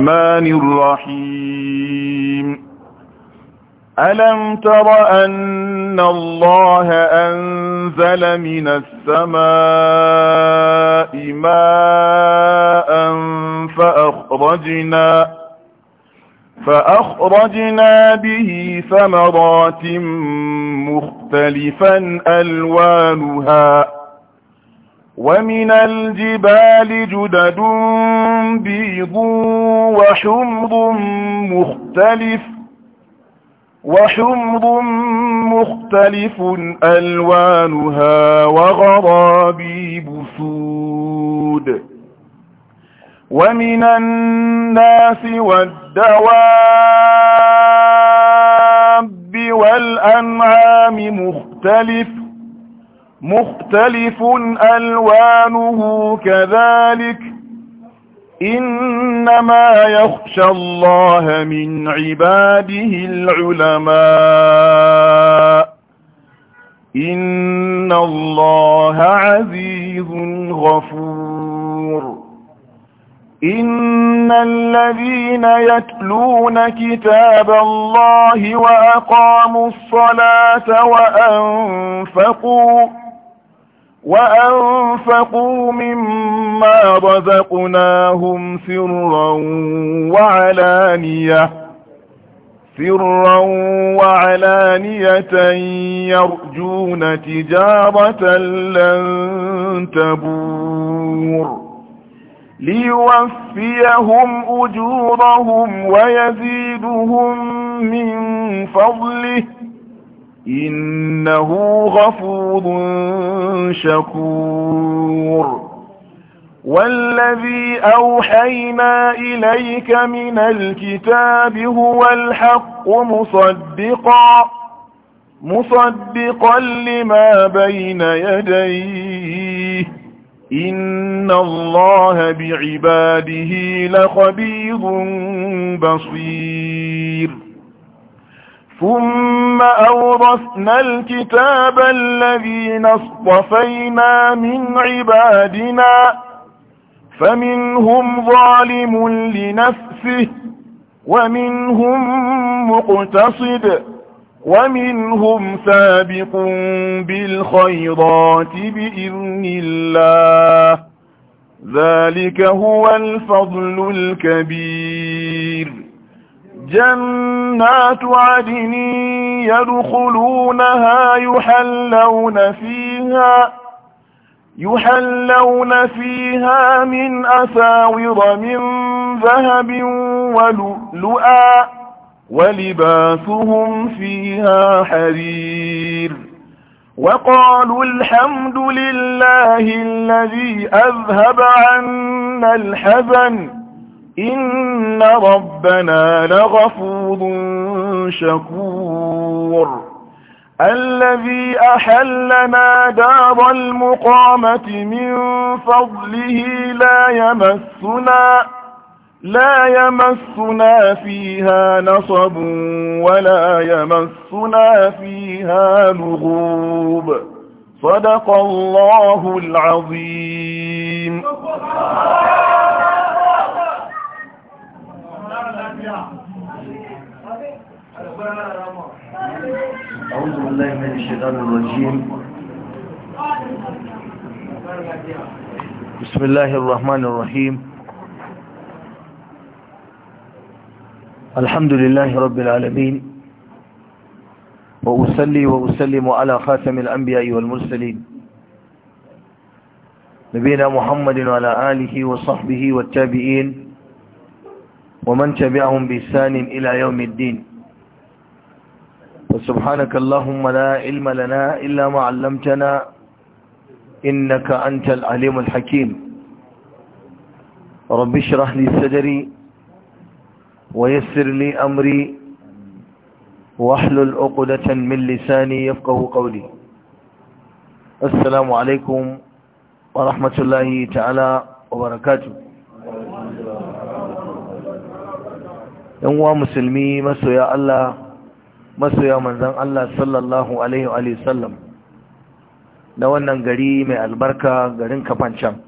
الرحمن الرحيم ألم تر أن الله أنزل من السماء ماء فأخرجنا فأخرجنا به ثمرات مختلفا ألوانها ومن الجبال جدد بيض وحمض مختلف وحمض مختلف ألوانها وغرابيب سود ومن الناس والدواب والأنعام مختلف مختلف ألوانه كذلك إنما يخشى الله من عباده العلماء إن الله عزيز غفور إن الذين يتلون كتاب الله وأقاموا الصلاة وأنفقوا وأنفقوا مما رزقناهم سرا وعلانية سرا وعلانية يرجون تجارة لن تبور ليوفيهم أجورهم ويزيدهم من فضله إنه غفور شكور والذي أوحينا إليك من الكتاب هو الحق مصدقا مصدقا لما بين يديه إن الله بعباده لخبير بصير ثم أورثنا الكتاب الذين اصطفينا من عبادنا فمنهم ظالم لنفسه ومنهم مقتصد ومنهم سابق بالخيرات بإذن الله ذلك هو الفضل الكبير جنات عدن يدخلونها يحلون فيها يحلون فيها من أساور من ذهب ولؤلؤا ولباسهم فيها حرير وقالوا الحمد لله الذي أذهب عنا الحزن إن ربنا لغفور شكور الذي أحلنا دار المقامة من فضله لا يمسنا لا يمسنا فيها نصب ولا يمسنا فيها لغوب صدق الله العظيم أعوذ بالله من الشيطان الرجيم بسم الله الرحمن الرحيم الحمد لله رب العالمين وأسلي وأسلم على خاتم الأنبياء والمرسلين نبينا محمد وعلى آله وصحبه والتابعين ومن تبعهم بإحسان إلى يوم الدين وسبحانك اللهم لا علم لنا إلا ما علمتنا إنك أنت العليم الحكيم رب اشرح لي صدري ويسر لي أمري واحلل عقدة من لساني يفقه قولي السلام عليكم ورحمة الله تعالى وبركاته yan uwa musulmi masoya Allah masoya manzon Allah sallallahu alaihi wa sallam na wannan gari mai albarka garin Kafancan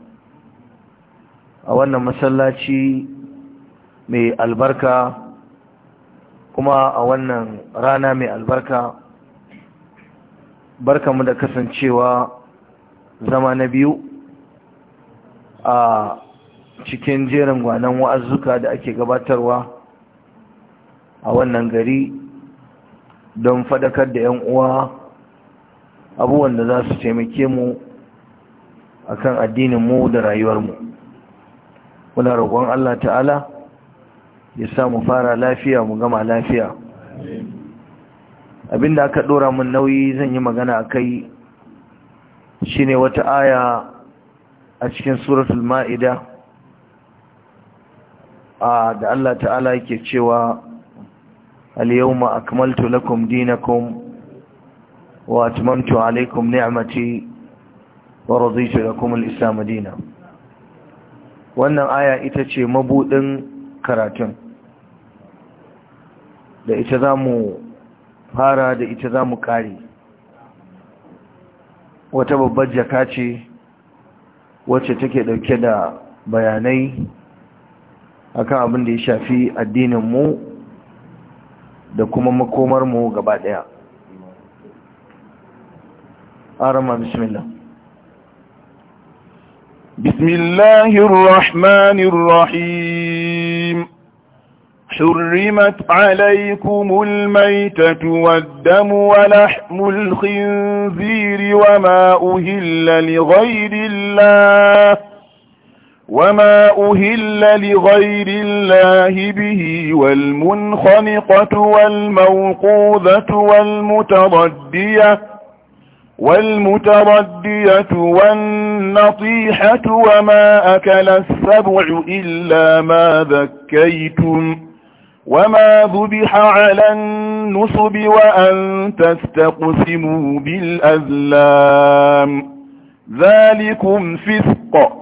a wannan masallaci mai albarka kuma a wannan rana mai albarka barkamu da kasancewa zama na biyu a cikin jerin gwanan wa'azuka da ake gabatarwa a wannan gari don fadakar da 'yan uwa abubuwan da za su taimake mu a kan mu da rayuwar mu, muna roƙon Allah ta'ala ya sa mu fara lafiya mu gama lafiya abinda aka ɗora mun nauyi zan yi magana a kai shine wata aya a cikin suratul ma'ida a da Allah ta'ala yake cewa اليوم أكملت لكم دينكم وأتممت عليكم نعمتي ورضيت لكم الإسلام دينا wannan aya ita ce mabuɗin karatun da ita za mu fara da ita za mu ƙari wata babbar jaka ce wacce take ɗauke da bayanai akan abin da ya shafi addininmu da kuma makomar mu gaba daya arama bismillah bismillahir rahmanir rahim حرمت عليكم الميتة والدم ولحم الخنزير وما أهل لغير الله وما أهل لغير الله به والمنخنقة والموقوذة والمتردية والمتردية والنطيحة وما أكل السبع إلا ما ذكيتم وما ذبح على النصب وأن تستقسموا بالأذلام ذلكم فسق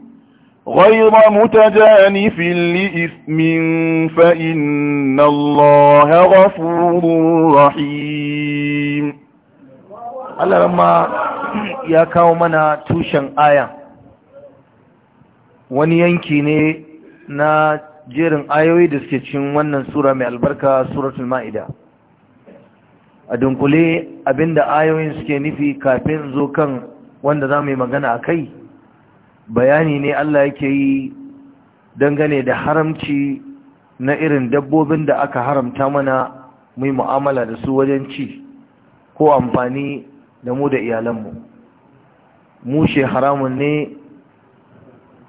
غير متجانف لإثم فإن الله غفور رحيم Allah ramma ya kawo mana tushen aya wani yanki ne na jerin ayoyi da suke cikin wannan sura mai albarka suratul ma'ida a dunkule abinda ayoyin suke nufi kafin zo kan wanda za mu yi magana a kai bayani ne Allah yake yi dangane da haramci na irin dabbobin da aka haramta mana mai mu'amala da su wajen ci ko amfani da mu da iyalanmu mushe haramun ne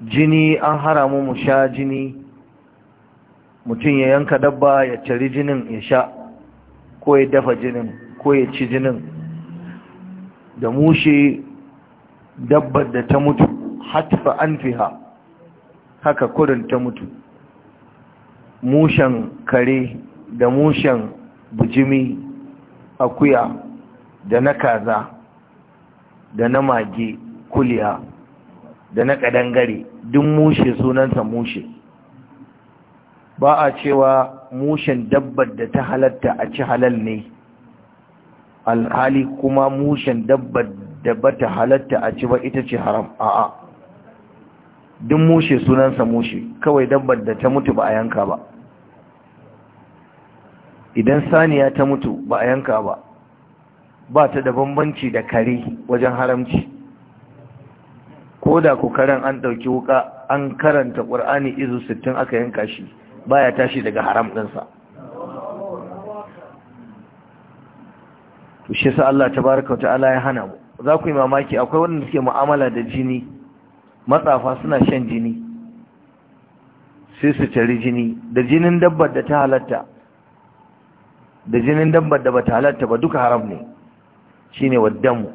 jini an haramu mu sha jini mutum ya yanka dabba ya cari jinin ya sha ko ya dafa jinin ko ya ci jinin da mushe dabbar da ta mutu hatfa anfiha haka kurin ta mutu mushen kare da mushen bujimi akuya da na kaza da na mage kuliya da na kadangare duk mushe sunansa mushe ba a cewa mushen dabbar da ta halatta a ci halal ne alhali kuma mushen dabbar da bata halatta a ci ba ita ce haram a'a duk mushe sunansa mushe kawai dabbar da ta mutu ba a yanka ba idan saniya ta mutu ba a yanka ba ba ta da bambanci da kare wajen haramci ko da ku karan an ɗauki wuka an karanta ƙur'ani izu sittin aka yanka shi ba ya tashi daga haram ɗinsa to sa Allah wata ala ya hana mu za ku yi mamaki akwai wanda suke mu'amala da jini matsafa suna shan jini sai su cari jini da jinin dabbar da ta halatta da jinin dabbar da ba ta halatta ba duka haram ne shi ne waddamu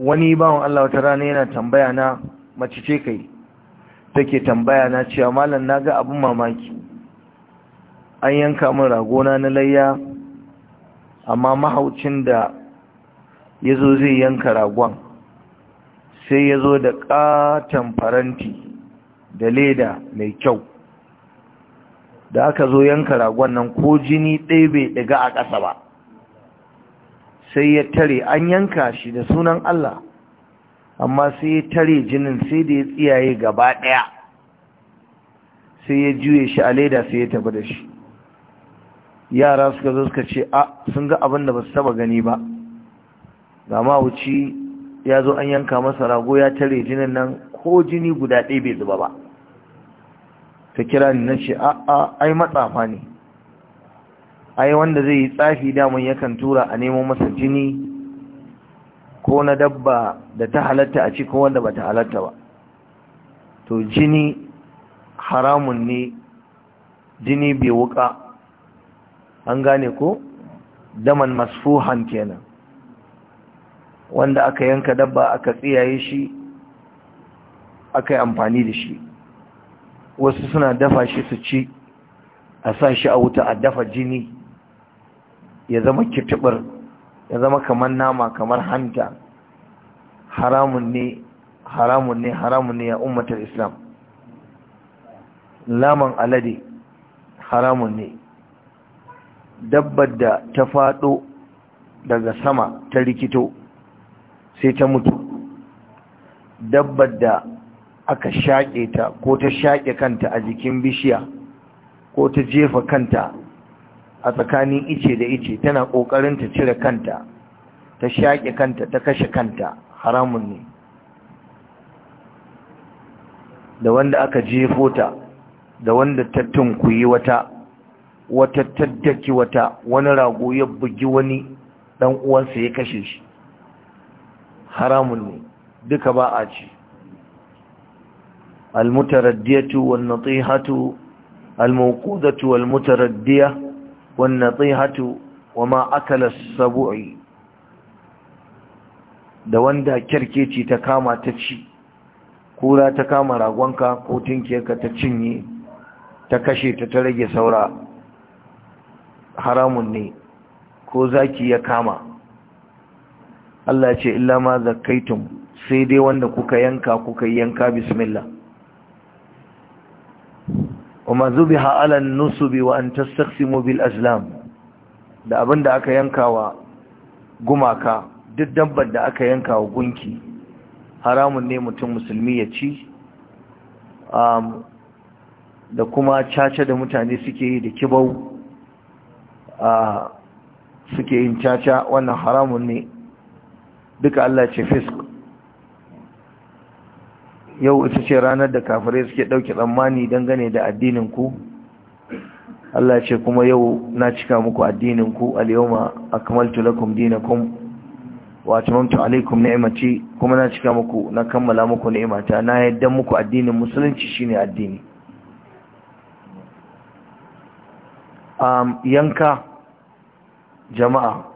wani bawan Allah wata rana yana tambaya na mace ce kai take tambaya na cewa malam na ga abin mamaki an yanka min ragona na layya amma mahaucin da ya zo zai yanka ragon sai ya zo da ƙaton faranti da leda mai kyau da aka zo yanka ragon nan ko jini ɗaya bai ɗaga a ƙasa ba sai ya tare an yanka shi da sunan Allah amma sai ya tare jinin sai da ya tsiyaye gaba ɗaya sai ya juye shi a leda sai ya tafi da shi yara suka zo suka ce a ah, sun ga abin da ba su taba gani ba ga mawuci ya zo an yanka masa rago ya tare jinin nan ko jini guda ɗaya bai zuba ba ta kira ni na ce a'a ai matsafa ne ai wanda zai yi tsafi damun yakan tura a neman masa jini ko na dabba da ta halatta a ci ko wanda ba ta halatta ba to jini haramun ne jini bai wuka an gane ko daman masfuhan kenan wanda aka yanka dabba aka tsiyaye shi aka yi amfani da shi wasu suna dafa shi su ci a sa shi a wuta a dafa jini ya zama kitubar ya zama kamar nama kamar hanta haramun ne haramun ne haramun ne ya ummatar islam laman alade haramun ne dabbar da ta faɗo daga sama ta rikito sai ta mutu dabbar da aka shaƙe ta ko ta shaƙe kanta a jikin bishiya ko ta jefa kanta a tsakanin ice da ice tana ƙoƙarin ta cire kanta ta shaƙe kanta ta kashe kanta haramun ne da wanda aka jefo ta da wanda ta tunkuyi wata wata taddaki wata wani rago ya bugi wani ɗan uwansa ya kashe shi haramun ne duka ba a ci wal-mutaraddiya الموقودة natihatu والنطيحة وما أكل السبوع da wanda kirkeci ta kama ta ci kura ta kama ragonka ko tinkiyarka ta cinye ta kashe ta ta rage saura haramun ne ko zaki ya kama Allah ce illa ma zakaitum sai dai wanda kuka yanka kuka yanka bismillah kuma zubiha ala nusubi wa an tastaqsimu bil azlam da abinda aka yankawa gumaka duk dabbar da aka yankawa gunki haramun ne mutum musulmi ya ci um, da kuma caca da mutane suke yi da kibau uh, suke yin caca wannan haramun ne duka Allah ce fisk yau ita ce ranar da kafirai suke ɗauki tsammani dangane da addininku Allah ce kuma yau na cika muku addininku al a akmaltu lakum dinakum wa atmamtu alaykum ni'mati kuma na cika muku na kammala muku ni'mata na yadda muku addinin musulunci shine addini um yanka jama'a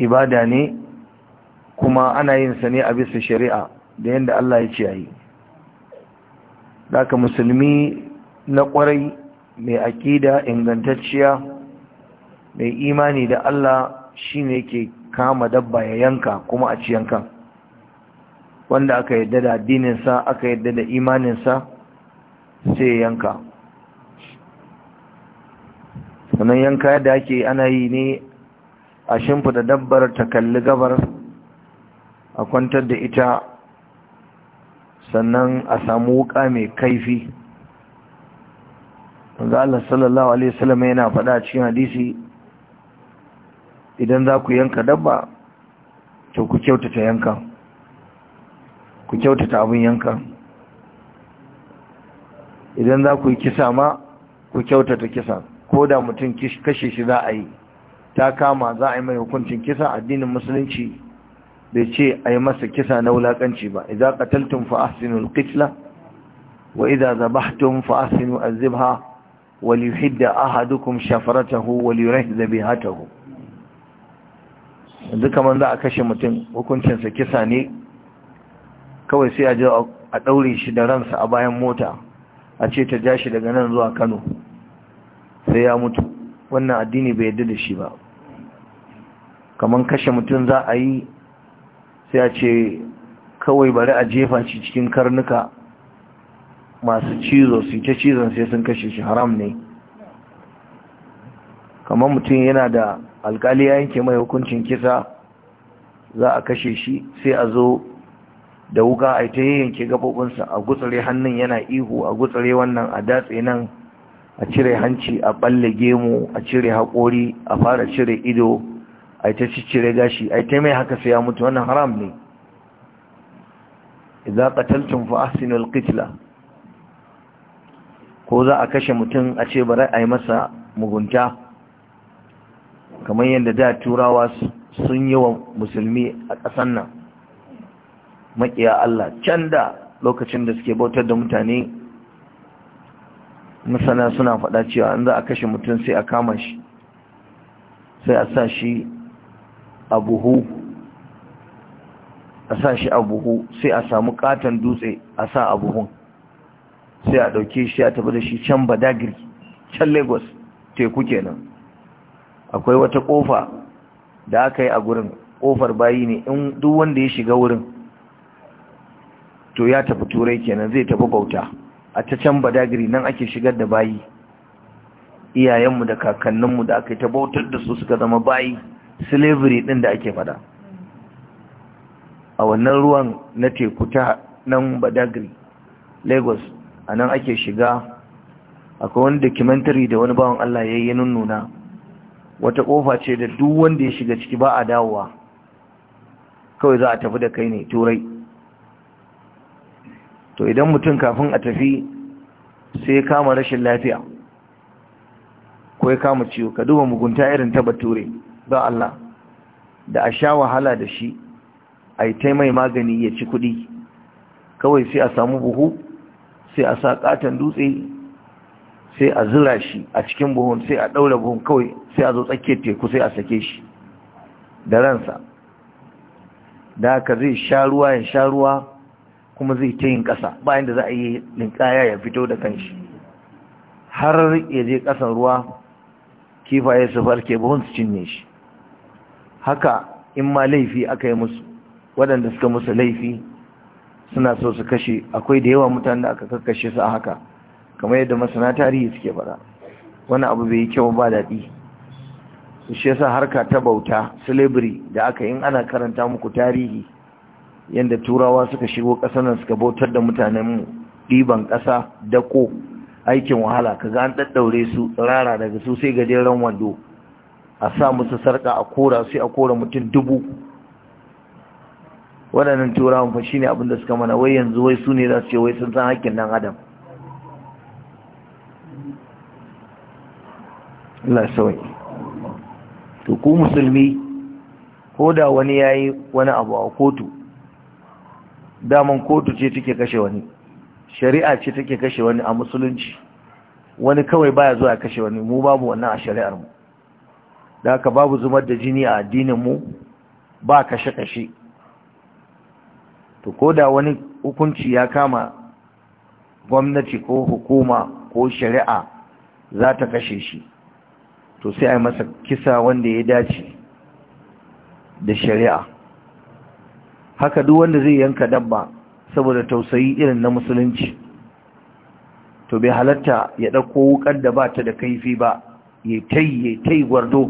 ibada ne kuma ana yin sa ne a bisa shari'a da yadda Allah ya ce yayi daga musulmi na kwarai mai aƙida ingantacciya mai imani da Allah shine ke kama dabba ya yanka kuma a ci yankan wanda aka yadda da addininsa aka yadda da imaninsa sai yanka sannan yanka da ake ana yi ne a shimfida dabbar ta kalli gabar a kwantar da ita sannan a samu wuka mai kaifi wanda Allah sallallahu Alaihi wasallam yana faɗa cikin hadisi idan za ku yanka dabba to ku kyautata yanka, ku kyautata abin yanka. idan za ku yi kisa ma ku kyautata kisa ko da mutum kashe shi za a yi ta kama za a yi mai hukuncin kisa addinin musulunci bai ce a yi masa kisa na wulakanci ba idza qataltum fa al qitla wa idza zabahtum fa ahsinu azbha wa liyuhidda ahadukum shafaratahu wa liyurih dhabihatahu yanzu kamar za a kashe mutum hukuncinsa kisa ne kawai sai a je a ɗaure shi da ransa a bayan mota a ce ta ja shi daga nan zuwa kano sai ya mutu wannan addini bai yadda da shi ba kamar kashe mutum za a yi sai a ce kawai bari a jefa shi cikin karnuka masu cizo su ce cizon sai sun kashe shi haram ne kamar mutum yana da alkali ya yanke mai hukuncin kisa za a kashe shi sai a zo da wuka a ta yanke gabobinsa a gutsare hannun yana ihu a gutsare wannan a datse nan a cire hanci a ɓalle gemu a cire haƙori a fara cire ido a ta cire gashi a ta mai haka sai ya mutu wannan haram ne idza qataltum fa Arsenal Kitla? ko za a kashe mutum a ce bari a yi masa mugunta kamar yadda da turawa sun yi wa musulmi a ƙasan nan maƙiya Allah can da lokacin da suke bautar da mutane masana suna faɗa cewa an za a kashe mutum sai a kama shi sai a sa shi a buhu a sa shi a buhu sai a samu katon dutse a sa a buhun sai a ɗauke shi a tafi da shi can badagiri can lagos teku kenan akwai wata ƙofa da aka yi a gurin ƙofar bayi ne in duk wanda ya shiga wurin to ya tafi turai kenan zai tafi bauta a ta can badagiri nan ake shigar da bayi iyayenmu da kakanninmu da aka yi ta bautar da su suka zama bayi slavery ɗin da ake fada a wannan ruwan na teku ta nan badagiri lagos a nan ake shiga akwai wani documentary da wani bawan allah ya yi nunnuna wata kofa ce da duk wanda ya shiga ciki ba a dawowa kawai za a tafi da kai ne turai to idan mutum kafin a tafi sai ya kama rashin lafiya ko ya kama ciwo ka duba mugunta irin ta bature ba Allah da a sha wahala da shi a yi taimai magani ya ci kuɗi kawai sai a samu buhu sai a sa ƙaton dutse sai a zira shi a cikin buhun sai a ɗaura buhun kawai sai a zo tsakiyar teku sai a sake shi da ransa da haka zai sha ruwa ya sha ruwa kuma zai ta yin ƙasa bayan da za a yi linkaya ya fito da kanshi har ya je ƙasan ruwa kifaye su farke buhun su cinye shi haka in ma laifi aka yi musu waɗanda suka musu laifi suna so su kashe akwai da yawa mutane da aka kakashe su a haka kamar yadda masana tarihi suke faɗa wani abu bai yi kyau ba daɗi su shi yasa harka ta bauta slavery da aka in ana karanta muku tarihi yadda turawa suka shigo ƙasar nan suka bautar da mutanenmu ɗiban ƙasa dako aikin wahala ka ga an ɗaɗɗaure su rara daga su sai gajeren wando a sa musu sarƙa a kora sai a kora mutum dubu waɗannan turawan fa shine abin da suka mana wai yanzu wai su ne za su ce wai sun san haƙƙin ɗan adam Allah musulmi ko da wani yayi wani abu a kotu daman kotu ce take kashe wani shari'a ce take kashe wani a musulunci wani kawai baya zuwa kashe wani mu babu wannan a shari'ar mu da haka babu zumar da jini a addinin mu ba kashe kashe to ko da wani hukunci ya kama gwamnati ko hukuma ko shari'a za ta kashe shi to sai a yi masa kisa wanda ya dace da shari'a haka duk wanda zai yanka dabba saboda tausayi irin na musulunci to bai halatta ya ɗauko wukar da ba ta da kaifi ba ya tai ya tai gwardo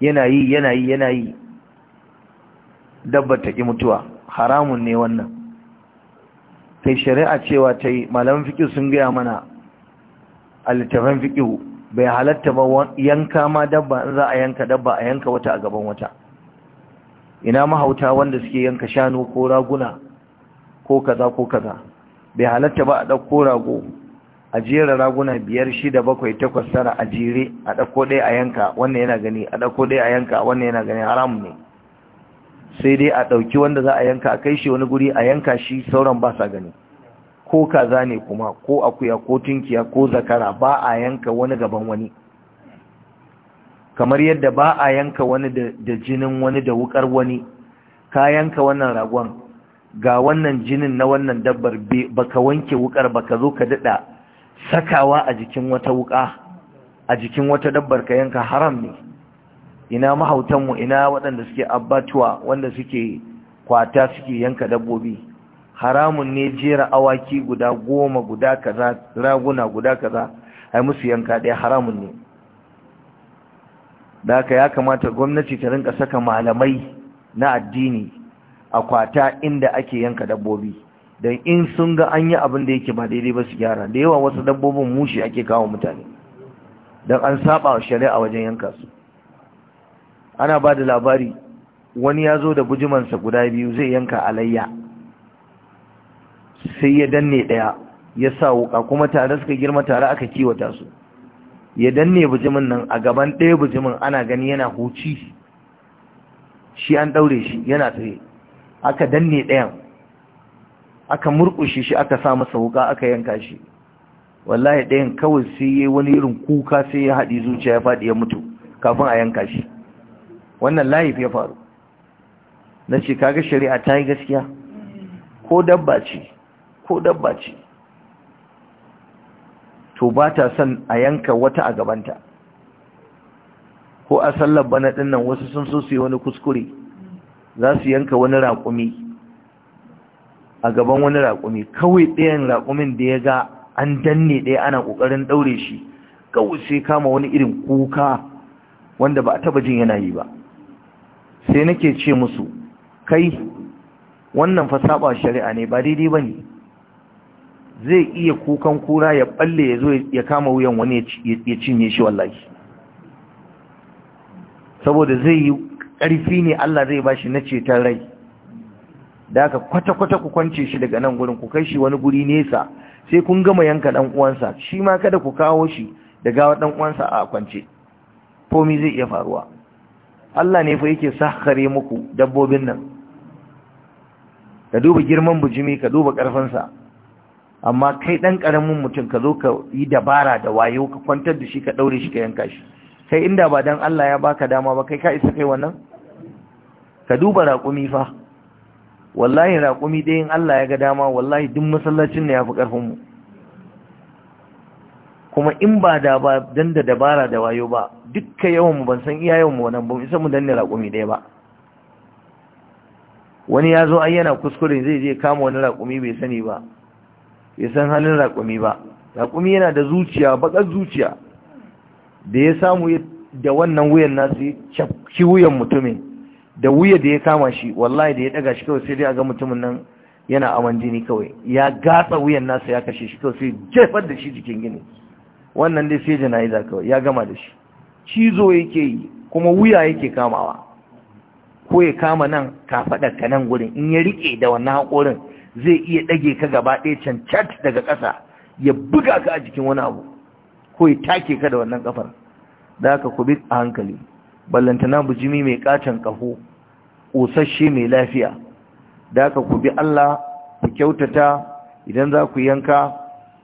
yana yi yana yi yana yi dabbar ta ƙi mutuwa haramun ne wannan kai shari'a cewa ta yi malaman fiƙi sun gaya mana a littafin fiƙi bai halatta ba yanka ma dabba in za a yanka dabba a yanka wata a gaban wata ina mahauta wanda suke yanka shanu ko raguna ko kaza ko kaza bai halatta ba a ɗauko rago a jera raguna biyar shida bakwai takwas tara a jere a ɗauko ɗaya a yanka wannan yana gani a ɗauko ɗaya a yanka wannan yana gani haramu ne sai dai a ɗauki wanda za a yanka a kai shi wani guri a yanka shi sauran ba sa gani ko kaza ne kuma ko akuya ko tunkiya ko zakara ba a yanka wani gaban wani kamar yadda ba a yanka wani da jinin wani da wukar wani ka yanka wannan ragon ga wannan jinin na wannan dabbar baka wanke wukar baka zo ka dada sakawa a jikin wata wuka a jikin wata dabbar ka yanka haram ne ina mahautanmu ina waɗanda suke abbatuwa wanda suke kwata suke yanka dabbobi haramun ne jera awaki guda goma guda kaza raguna guda kaza ai musu yanka ɗaya haramun ne da haka ya kamata gwamnati ta rinka saka malamai na addini a kwata inda ake yanka dabbobi don in sun ga an yi abin da yake ba daidai ba su gyara da yawa wasu dabbobin mushi ake kawo mutane don an saba shari'a wajen yanka su ana ba da labari wani ya zo da bujimansa guda biyu zai yanka alayya sai ya danne ɗaya ya sa wuka kuma tare suka girma tare aka kiwata su ya danne bujimin nan a gaban ɗaya bujimin ana gani yana huci shi an ɗaure shi yana tsaye aka danne ɗayan aka murƙushe shi aka sa masa wuka aka yanka shi wallahi ɗayan kawai sai ya wani irin kuka sai ya haɗi zuciya ya faɗi ya mutu kafin a yanka shi wannan layif ya faru na ce kaga shari'a ta yi gaskiya ko dabba ce ko dabba ce to ba ta son a yanka wata a gabanta ko a sallar bana ɗin wasu sun so su yi wani kuskure za su yanka wani raƙumi a gaban wani raƙumi kawai ɗayan raƙumin da ya ga an danne ɗaya ana ƙoƙarin ɗaure shi kawai sai kama wani irin kuka wanda ba a taba jin yana yi ba sai nake ce musu kai wannan fa shari'a ne ba daidai ba ne zai iya kukan kura ya balle ya zo ya kama wuyan wani ya cinye shi wallahi saboda zai yi ƙarfi ne Allah zai ba shi na ceton rai da aka kwata-kwata ku kwance shi daga nan gurin ku kai shi wani guri nesa sai kun gama yanka ɗan uwansa shi ma kada ku kawo shi da gawa ɗan uwansa a kwance komi zai iya faruwa Allah ne fa yake sakare muku dabbobin nan ka duba girman bujimi ka duba ƙarfinsa amma kai ɗan ƙaramin mutum ka zo ka yi dabara da wayo ka kwantar da shi ka ɗaure shi ka yanka shi kai inda ba don Allah ya baka dama ba kai ka isa kai wannan ka duba raƙumi fa wallahi raƙumi in Allah ya ga dama wallahi duk masallacin ne ya fi ƙarfinmu kuma in ba da ba dan da dabara da wayo ba dukkan mu ban san iya mu wannan ba isa mu danne raƙumi ɗaya ba wani ya zo ayyana yana kuskure zai je kama wani raƙumi bai sani ba ya san halin raƙumi ba raƙumi yana da zuciya baƙar zuciya da ya samu da wannan wuyan nasu ya wuyan mutumin da wuya da ya kama shi wallahi da ya ɗaga shi kawai sai dai a ga mutumin nan yana aman jini kawai ya gatsa wuyan nasu ya kashe shi kawai sai jefar da shi jikin gini wannan dai sai jana'iza kawai ya gama da shi cizo yake yi kuma wuya yake kamawa ko ya kama nan ka faɗa ka nan gurin in ya riƙe da wannan haƙorin zai iya ɗage ka gaba ɗaya cancat daga ƙasa ya buga ka a jikin wani abu ko ya take ka da wannan ƙafar da aka ku a hankali ballantana bujimi mai ƙaton ƙaho ƙosashe mai lafiya da aka ku Allah ku kyautata idan za ku yanka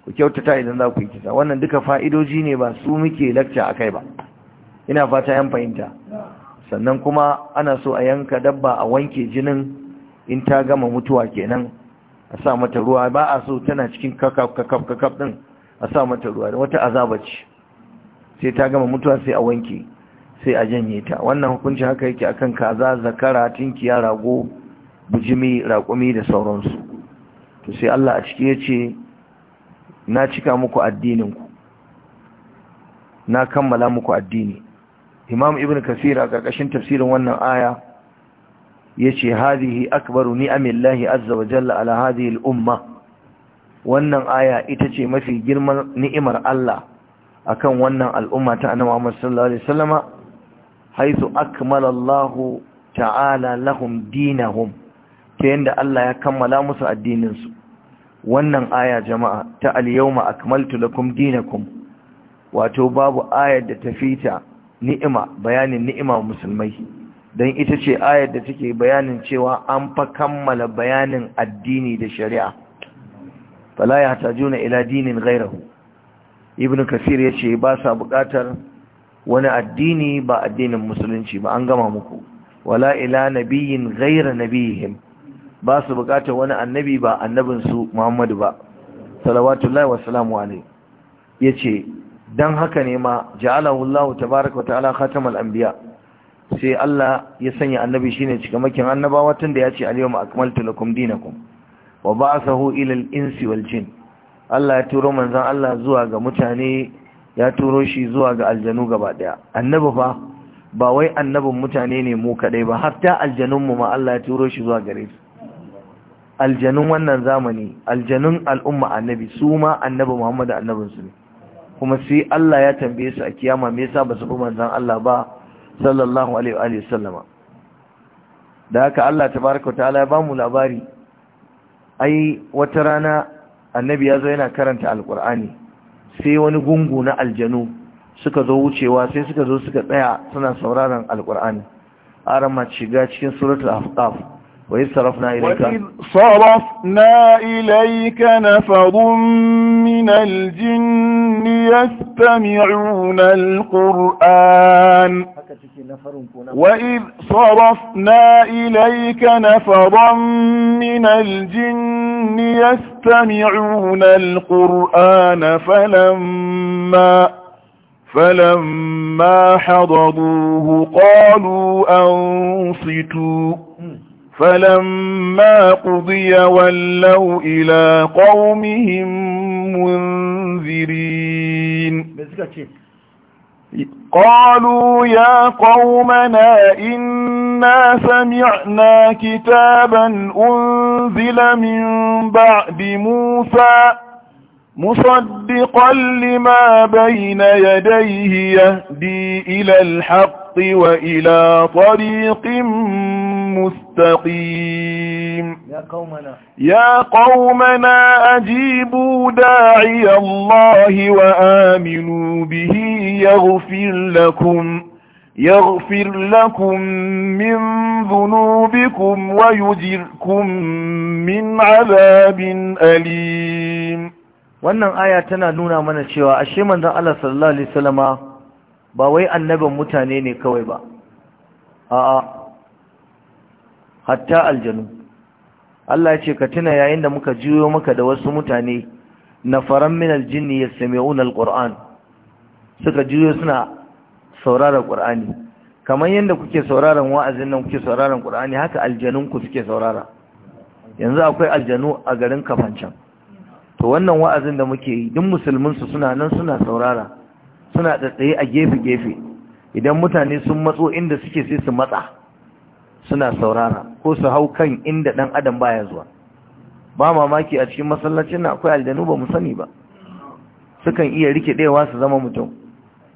ku kyautata idan za ku yi kisa wannan duka fa'idoji ne ba su muke lakca a kai ba ina fata yan fahimta sannan kuma ana so a yanka dabba a wanke jinin in ta gama mutuwa kenan a sa mata ruwa ba a so tana cikin kakaf kakaf a sa mata ruwa da wata azaba ce sai ta gama mutuwa sai a wanke sai a janye ta wannan hukunci haka yake akan kaza zakara tinkiya rago bijimi raƙumi da sauransu to sai Allah a ciki yace na cika muku addininku na kammala muku addini imam ibn kasira a ƙarƙashin tafsirin wannan aya yace hadihi akbaru ni'amillahi azza wa jalla ala hadhihi umma wannan aya ita ce mafi girman ni'imar Allah akan wannan al'umma ta annabi Muhammad sallallahu alaihi wasallama haythu akmala Allah ta'ala lahum dinahum ta yanda Allah ya kammala musu addinin su wannan aya jama'a ta al-yawma akmaltu lakum dinakum wato babu ayar da ta fita ni'ima bayanin ni'ima musulmai don ita ce ayar da take bayanin cewa an fa kammala bayanin addini da shari'a fala ya tajuna ila dinin gairahu. ibn kasir yace ba sa bukatar wani addini ba addinin musulunci ba an gama muku wala ila nabiyin ghaira nabihim ba su bukatar wani annabi ba annabin su Muhammadu ba salawatullahi wassalamu alayhi yace dan haka ne ma ja'alahu Allah tabaaraka wa ta'ala khatamal anbiya' sai Allah ya sanya annabi shine cikamakin annabawa tunda ya ce al-yawma akmaltu lakum dinakum wa ba'athahu ila al-insi wal jin Allah ya turo manzon Allah zuwa ga mutane ya turo shi zuwa ga aljanu gaba daya annabi fa ba wai annabin mutane ne mu kadai ba hatta aljanun mu ma Allah ya turo shi zuwa gare su aljanun wannan zamani aljanun al'umma annabi su ma annabi Muhammadu annabinsu ne kuma sai Allah ya tambaye su a kiyama me yasa ba su bi manzon Allah ba sallallahu alaihi wa sallama da haka Allah tabaraka ta'ala ya bamu labari ai wata rana annabi ya zo yana karanta alkur'ani sai wani gungu na aljanu suka zo wucewa sai suka zo suka tsaya suna sauraron alkur'ani arama shiga cikin suratul afqaf وإذ صرفنا إليك وإذ صرفنا إليك نفض من الجن يستمعون القرآن وإذ صرفنا إليك نفرا من الجن يستمعون القرآن فلما فلما حضروه قالوا أنصتوا فلما قضي ولوا إلى قومهم منذرين قالوا يا قومنا إنا سمعنا كتابا أنزل من بعد موسى مصدقا لما بين يديه يهدي إلى الحق الحق وإلى طريق مستقيم يا قومنا يا قومنا أجيبوا داعي الله وآمنوا به يغفر لكم يغفر لكم من ذنوبكم ويجركم من عذاب أليم wannan aya tana nuna mana cewa ashe manzon Allah sallallahu alaihi wasallama ba wai annabin mutane ne kawai ba a'a hatta aljanu Allah ya ce ka tuna yayin da muka juyo maka da wasu mutane na faran min same yastami'una alquran suka juyo suna saurara qur'ani kamar yadda kuke sauraron wa'azin nan kuke sauraron qur'ani haka aljanun ku suke saurara yanzu akwai aljanu a garin kafancan to wannan wa'azin da muke yi duk musulmin su suna nan suna saurara suna tsaye a gefe-gefe idan mutane sun matso inda suke sai su matsa suna saurara ko su hau kan inda ɗan adam baya zuwa ba mamaki a cikin masallacin na akwai aljanu ba mu sani ba sukan iya rike ɗewa su zama mutum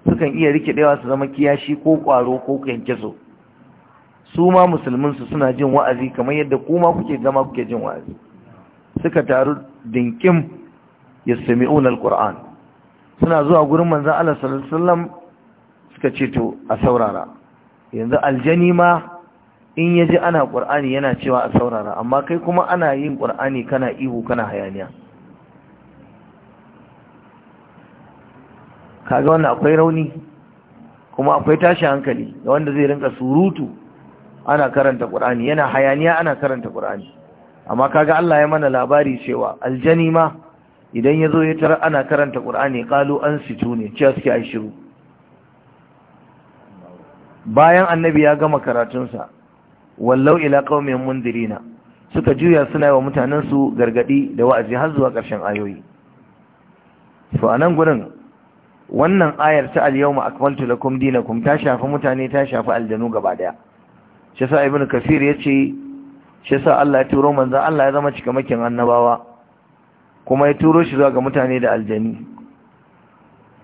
sukan iya rike ɗewa su zama kiyashi ko kwaro ko kyankyaso su ma musulminsu suna jin wa'azi kamar yadda kuma kuke zama kuke jin wa'azi suka taru dinkin yastami'una alquran suna zuwa gurin manzan Allah sallallahu alaihi wasallam suka ce to a saurara yanzu aljani ma in yaji ana qur'ani yana cewa a saurara amma kai kuma ana yin qur'ani kana ihu kana hayaniya kaga wannan akwai rauni kuma akwai tashi hankali ga wanda zai rinka surutu ana karanta qur'ani yana hayaniya ana karanta ƙur'ani. amma kaga Allah ya mana labari cewa aljani ma idan ya zo ya tara ana karanta ƙur'ani ƙalu an situ ne cewa suke a shiru bayan annabi ya gama karatunsa wallau ila ƙaumin mundirina suka juya suna yi wa mutanensu gargaɗi da wa'azi har zuwa ƙarshen ayoyi to a nan gudun, wannan ayar ta al-yawma akmaltu dina dinakum ta shafi mutane ta shafi aljanu gaba daya shi yasa ibnu kasir ce shi sa Allah ya turo manzan Allah ya zama cikamakin annabawa kuma ya turo shi zuwa ga mutane da aljani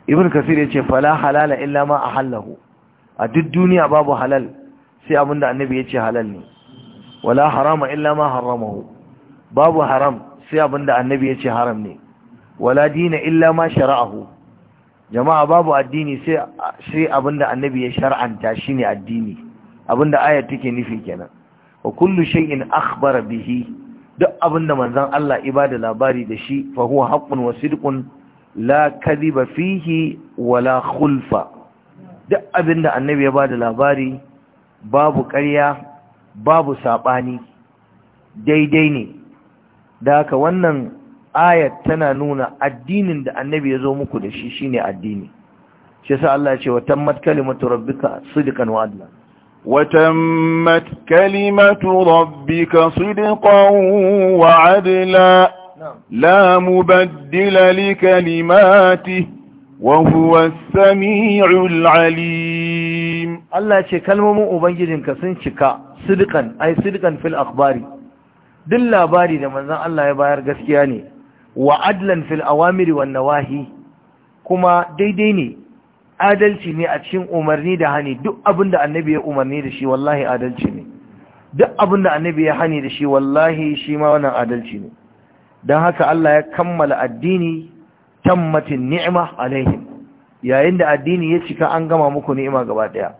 ibn kasir ya ce fala halala illa ma ahallahu a duk duniya babu halal sai abinda annabi ya ce halal ne wala harama illa ma haramahu babu haram sai abinda annabi ya ce haram ne wala dina illa ma shara'ahu jama'a babu addini sai sai abinda annabi ya shar'anta shine addini abinda ayat take nufi kenan wa kullu shay'in akhbara bihi duk abin da manzan Allah ibada labari da shi fa huwa haqqun wa sidqun la kadhiba fihi la khulfa duk abin da annabi ya bada labari babu ƙarya babu saɓani, daidai ne da haka wannan ayat tana nuna addinin da annabi ya zo muku da shi shine addini shi yasa Allah ya ce wa tammat kalimatu rabbika sidqan wa adla وتمت كلمة ربك صدقا وعدلا لا مبدل لكلماته وهو السميع العليم الله يشي كلمه أبنجدين كسنشكا صدقا أي صدقا في الأخبار دل لاباري لمنزان الله يباير قسياني وعدلا في الأوامر والنواهي كما ديديني adalci ne a cikin umarni da hani duk abin da annabi ya umarni da shi wallahi adalci ne duk abin da annabi ya hani da shi wallahi shi ma wannan adalci ne don haka Allah ya kammala addini tammatin ni'ima alaihim yayin da addini ya cika an gama muku ni'ima gaba daya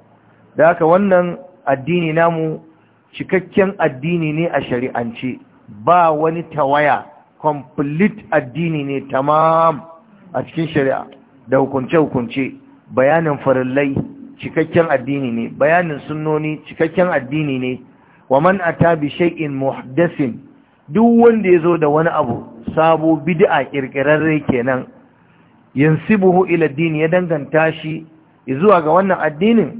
da haka wannan addini namu cikakken addini ne a shari'ance ba wani tawaya complete addini ne tamam a cikin shari'a da hukunce-hukunce bayanin farillai cikakken addini ne bayanin sunnoni cikakken addini ne wa man ata bi shay'in muhdathin duk wanda yazo da wani abu sabo bid'a kirkirarre kenan yansibuhu ila dini ya danganta shi zuwa ga wannan addinin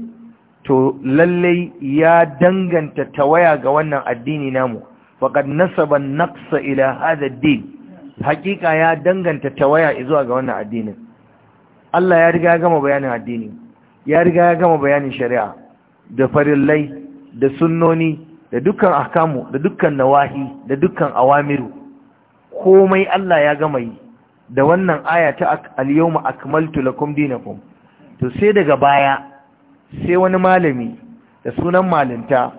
to lallai ya danganta tawaya ga wannan addini namu faqad nasaba an-naqsa ila hadha ad-din haqiqa ya danganta tawaya zuwa ga wannan addinin Allah ya riga ya gama bayanin addini ya riga ya gama bayanin shari'a da farillai da sunnoni da dukkan ahkamu da dukkan nawahi da dukkan awamiru komai Allah ya gama yi da wannan aya ta al-yawma akmaltu lakum dinakum to sai daga baya sai wani malami da sunan malinta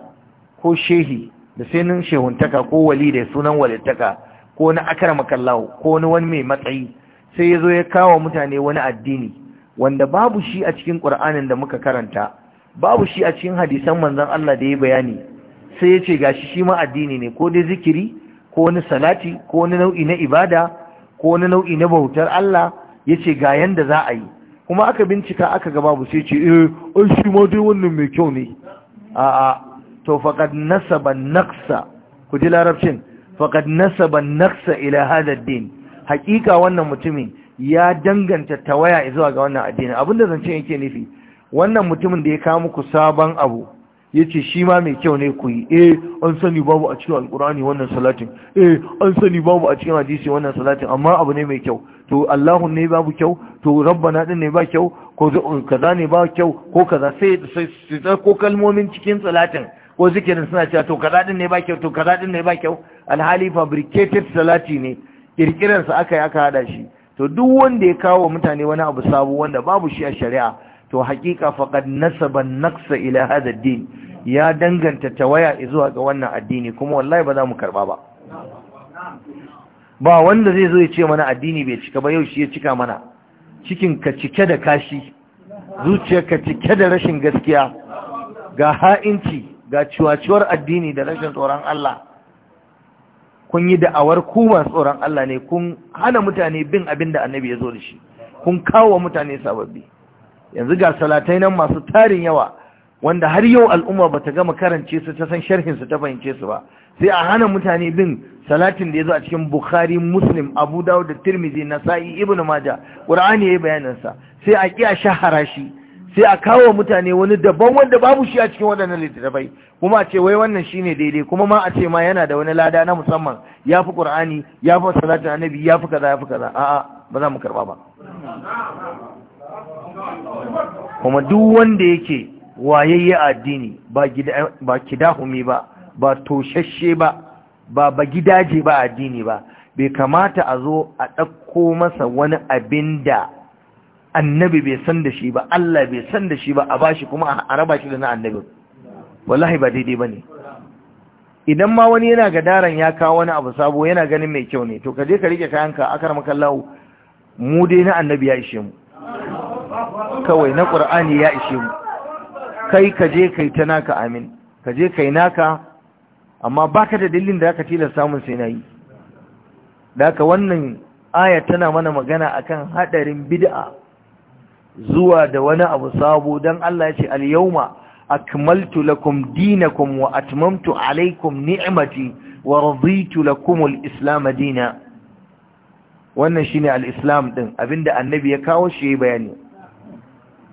ko shehi da sunan shehuntaka ko wali da sunan walittaka ko na akarmakallahu ko wani mai matsayi sai ya zo ya kawo mutane wani addini wanda babu shi a cikin ƙur'anin da muka karanta babu shi a cikin hadisan manzon Allah da ya bayani sai ya ce gashi shi ma addini ne ko dai zikiri ko wani salati ko wani nau'i na ibada ko wani nau'i na bautar Allah ya ce ga yanda za a yi kuma aka bincika aka ga babu sai ce eh ai shi ma dai wannan mai kyau ne a'a to faqad nasaba naqsa ku ji larabcin faqad nasaba naqsa ila hada din hakika wannan mutumin ya danganta tawaya zuwa ga wannan addini abinda zance yake nufi wannan mutumin da ya kawo muku sabon abu yace shi ma mai kyau ne ku yi eh an sani babu a cikin alkurani wannan salatin eh an sani babu a cikin hadisi wannan salatin amma abu ne mai kyau to Allahu ne babu kyau to rabbana din ne ba kyau ko kaza ne ba kyau ko kaza sai sai ko kalmomin cikin salatin ko zikirin suna cewa to kaza din ne ba kyau to kaza din ne ba kyau alhali fabricated salati ne kirkirarsa aka yi aka hada shi to duk wanda ya kawo wa mutane wani abu sabo wanda babu shi a shari'a to hakika faqad nasaba naqsa ila hada din ya danganta tawaya zuwa ga wannan addini kuma wallahi ba za mu karba ba ba wanda zai zo ya ce mana addini bai cika ba yau shi ya cika mana cikin ka cike da kashi ka cike da rashin gaskiya ga ha'inci ga ciwaciwar addini da rashin tsoron Allah kun yi da'awar ku masu tsoron Allah ne kun hana mutane bin abin da annabi ya zo da shi kun kawo wa mutane sababbi yanzu ga salatai nan masu tarin yawa wanda har yau al'umma ba ta gama karance su ta san sharhinsu ta fahimce su ba sai a hana mutane bin salatin da ya zo a cikin bukhari muslim abu dawud da tirmidhi nasa'i ibnu maja qur'ani yi bayanin sa sai a kiya shahara shi sai a kawo mutane wani daban wanda babu shi a cikin waɗannan littattafai kuma a ce wai wannan shi ne daidai kuma ma a ce ma yana da wani lada na musamman ya fi ƙur'ani ya fi salatin annabi ya fi kaza ya fi kaza a'a ba za mu karɓa ba kuma duk wanda yake wayayye addini ba ba kidahumi ba ba toshashe ba ba ba gidaje ba addini ba bai kamata a zo a ɗauko masa wani abin da annabi bai san da shi ba Allah bai san da shi ba a bashi kuma a raba shi da na annabi wallahi ba daidai bane idan ma wani yana ga daren ya kawo wani abu sabo yana ganin mai kyau ne to ka je ka rike kayanka akar makallahu mu dai na annabi ya ishe mu kawai na qur'ani ya ishe mu kai ka je kai ta naka amin ka je kai naka amma baka da dalilin da zaka tilasta mun sai nayi da haka wannan aya tana mana magana akan hadarin bid'a zuwa da wani abu sabo dan Allah ya ce al-yawma akmaltu lakum dinakum wa atmamtu alaykum ni'mati wa raditu lakum al-islam dina wannan shine al-islam din abinda annabi ya kawo shi bayani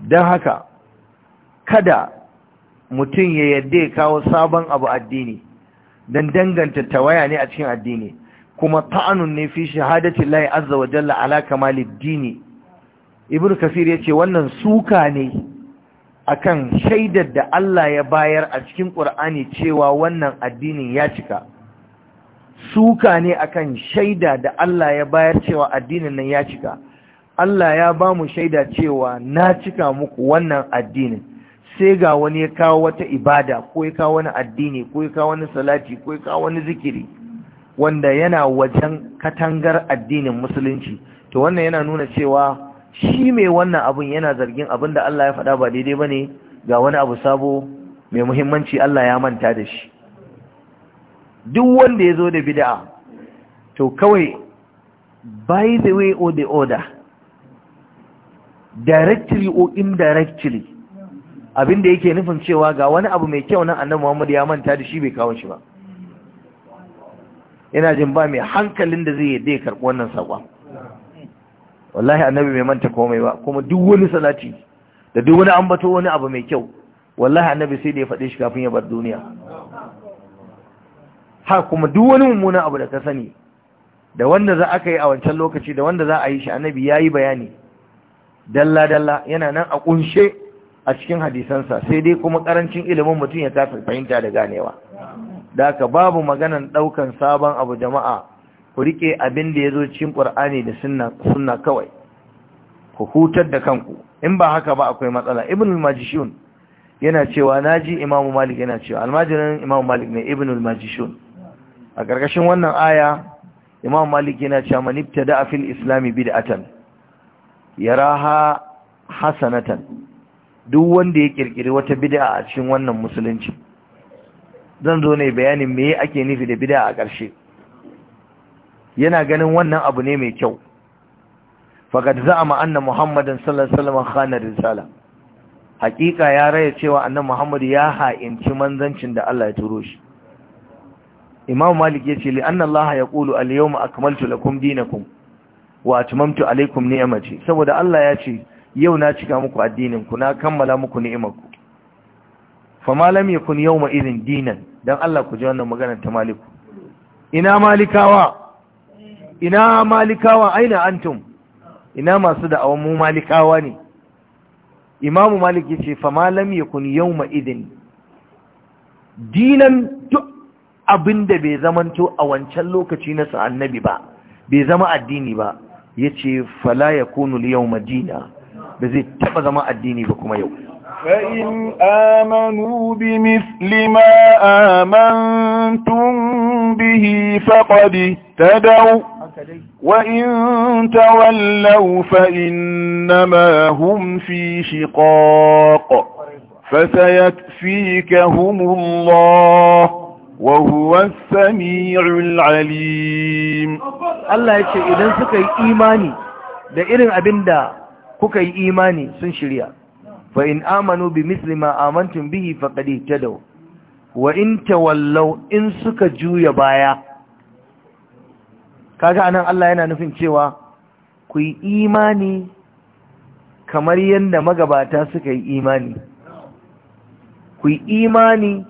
dan haka kada mutum ya yadda ya kawo sabon abu addini dan danganta tawaya ne a cikin addini kuma ta'anun ne fi shahadati lillahi azza wa jalla ala kamalid dini ibn kasir ya ce wannan suka ne akan shaidar da Allah ya bayar a cikin ƙur'ani cewa wannan addinin ya cika suka ne akan shaida da Allah ya bayar cewa addinin nan ya cika Allah ya ba mu shaida cewa na cika muku wannan addinin sai ga wani ya kawo wata ibada ko ya kawo wani addini ko ya kawo wani salati ko ya kawo wani zikiri wanda yana wajen katangar addinin musulunci to wannan yana nuna cewa shi mai wannan abin yana zargin abin da Allah ya faɗa ba daidai ba ne ga wani abu sabo mai muhimmanci Allah ya manta da shi duk wanda ya zo da bida'a to kawai by the way or the order directly or indirectly abinda yake nufin cewa ga wani abu mai kyau nan annabi Muhammad ya manta da shi bai kawo shi ba ina jin ba mai hankalin da zai yi ya karɓi wannan saƙon wallahi annabi bai manta komai ba kuma duk wani salati da duk wani ambato wani abu mai kyau wallahi annabi sai da ya faɗe shi kafin ya bar duniya ha kuma duk wani mummunan abu da ka sani da wanda za aka yi a wancan lokaci da wanda za a yi shi annabi ya yi bayani dalla-dalla yana nan a kunshe a cikin hadisansa sai dai kuma karancin ilimin mutum ya tafi fahimta da ganewa da aka babu maganan ɗaukan sabon abu jama'a ku rike abin da ya zo cikin ƙur'ani da sunna kawai ku hutar da kanku in ba haka ba akwai matsala ibnul majishun yana cewa naji imamu malik yana cewa almajirin imamu malik ne ibnul majishun a ƙarƙashin wannan aya imamu malik yana cewa man ibtada fil islami bid'atan yaraha hasanatan duk wanda ya ƙirƙiri wata bid'a a cikin wannan musulunci zan zo ne bayanin me ake nufi da bid'a a ƙarshe yana ganin wannan abu ne mai kyau za za'ama anna muhammadan sallallahu alaihi khana risala hakika ya raya cewa annan Muhammadu ya ha'inci manzancin da Allah ya turo shi imam malik ya li ya allah yaqulu al yawma akmaltu lakum dinakum wa atmamtu alaykum ce. saboda Allah ya ce yau na cika muku addinin ku na kammala muku Fa fama lam yakun yawma idhin dinan dan Allah ku ji wannan magana ta maliku ina malikawa ina malikawa aina antum ina masu da'awan mu malikawa ne imamu malik yace fa malam kun yawma idin dinan duk abinda bai zamanto a wancan lokaci na sa annabi ba bai zama addini ba yace fala ya kunu yawma dina ba zai taba zama addini ba kuma yau فإن آمنوا بمثل ما آمنتم به فقد اهتدوا وإن تولوا فإنما هم في شقاق فسيكفيكهم الله وهو السميع العليم Allah ya ce idan suka yi imani da irin abin da kuka yi imani sun shirya fa in amanu bi misli ma amantum bihi faqad ihtadaw wa in tawallaw in suka juya baya kaga anan Allah yana nufin cewa ku yi imani kamar yadda magabata suka yi imani ku yi imani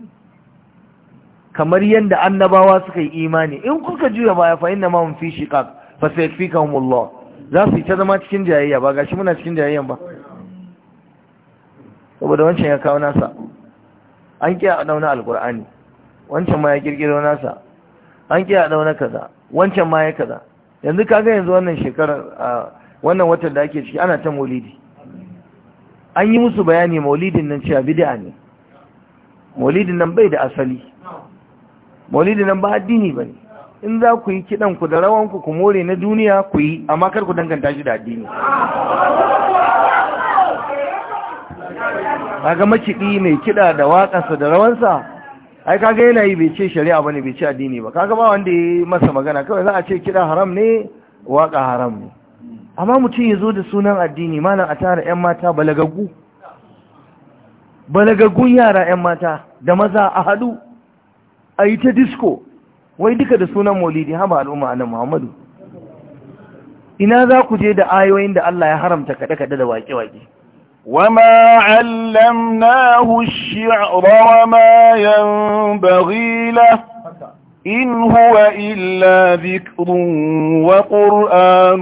kamar yadda annabawa suka yi imani in kuka juya baya fa inna ma mun fi shiqaq fa sayfikahumullah za su yi ta zama cikin jayayya ba gashi muna cikin jayayya ba saboda wancan ya kawo nasa an kiya dauna alqur'ani wancan ma ya kirkiro nasa an ki a dauna kaza wancan ma ya kaza yanzu kaga yanzu wannan shekarar wannan watan da ake ciki ana ta maulidi an yi musu bayani maulidin nan cewa bid'a ne maulidin nan bai da asali maulidin nan ba addini bane in za ku yi kidan ku da rawan ku ku more na duniya ku yi amma kar ku danganta shi da addini kaga makidi mai kida da waƙarsa da rawansa ai kaga yana yi bai ce shari'a bane bai ce addini ba kaga ba wanda ya masa magana kawai za a ce kira haram ne waka haram ne amma mutum ya zo da sunan addini malam a tare ƴan mata balagaggu balagaggun yara ƴan mata da maza a hadu a ta disco wai duka da sunan maulidi haba al'umma annabi muhammadu ina za ku je da ayoyin da Allah ya haramta kaɗe-kaɗe da waƙe-waƙe وما علمناه الشعر وما ينبغي له إن هو إلا ذكر وقرآن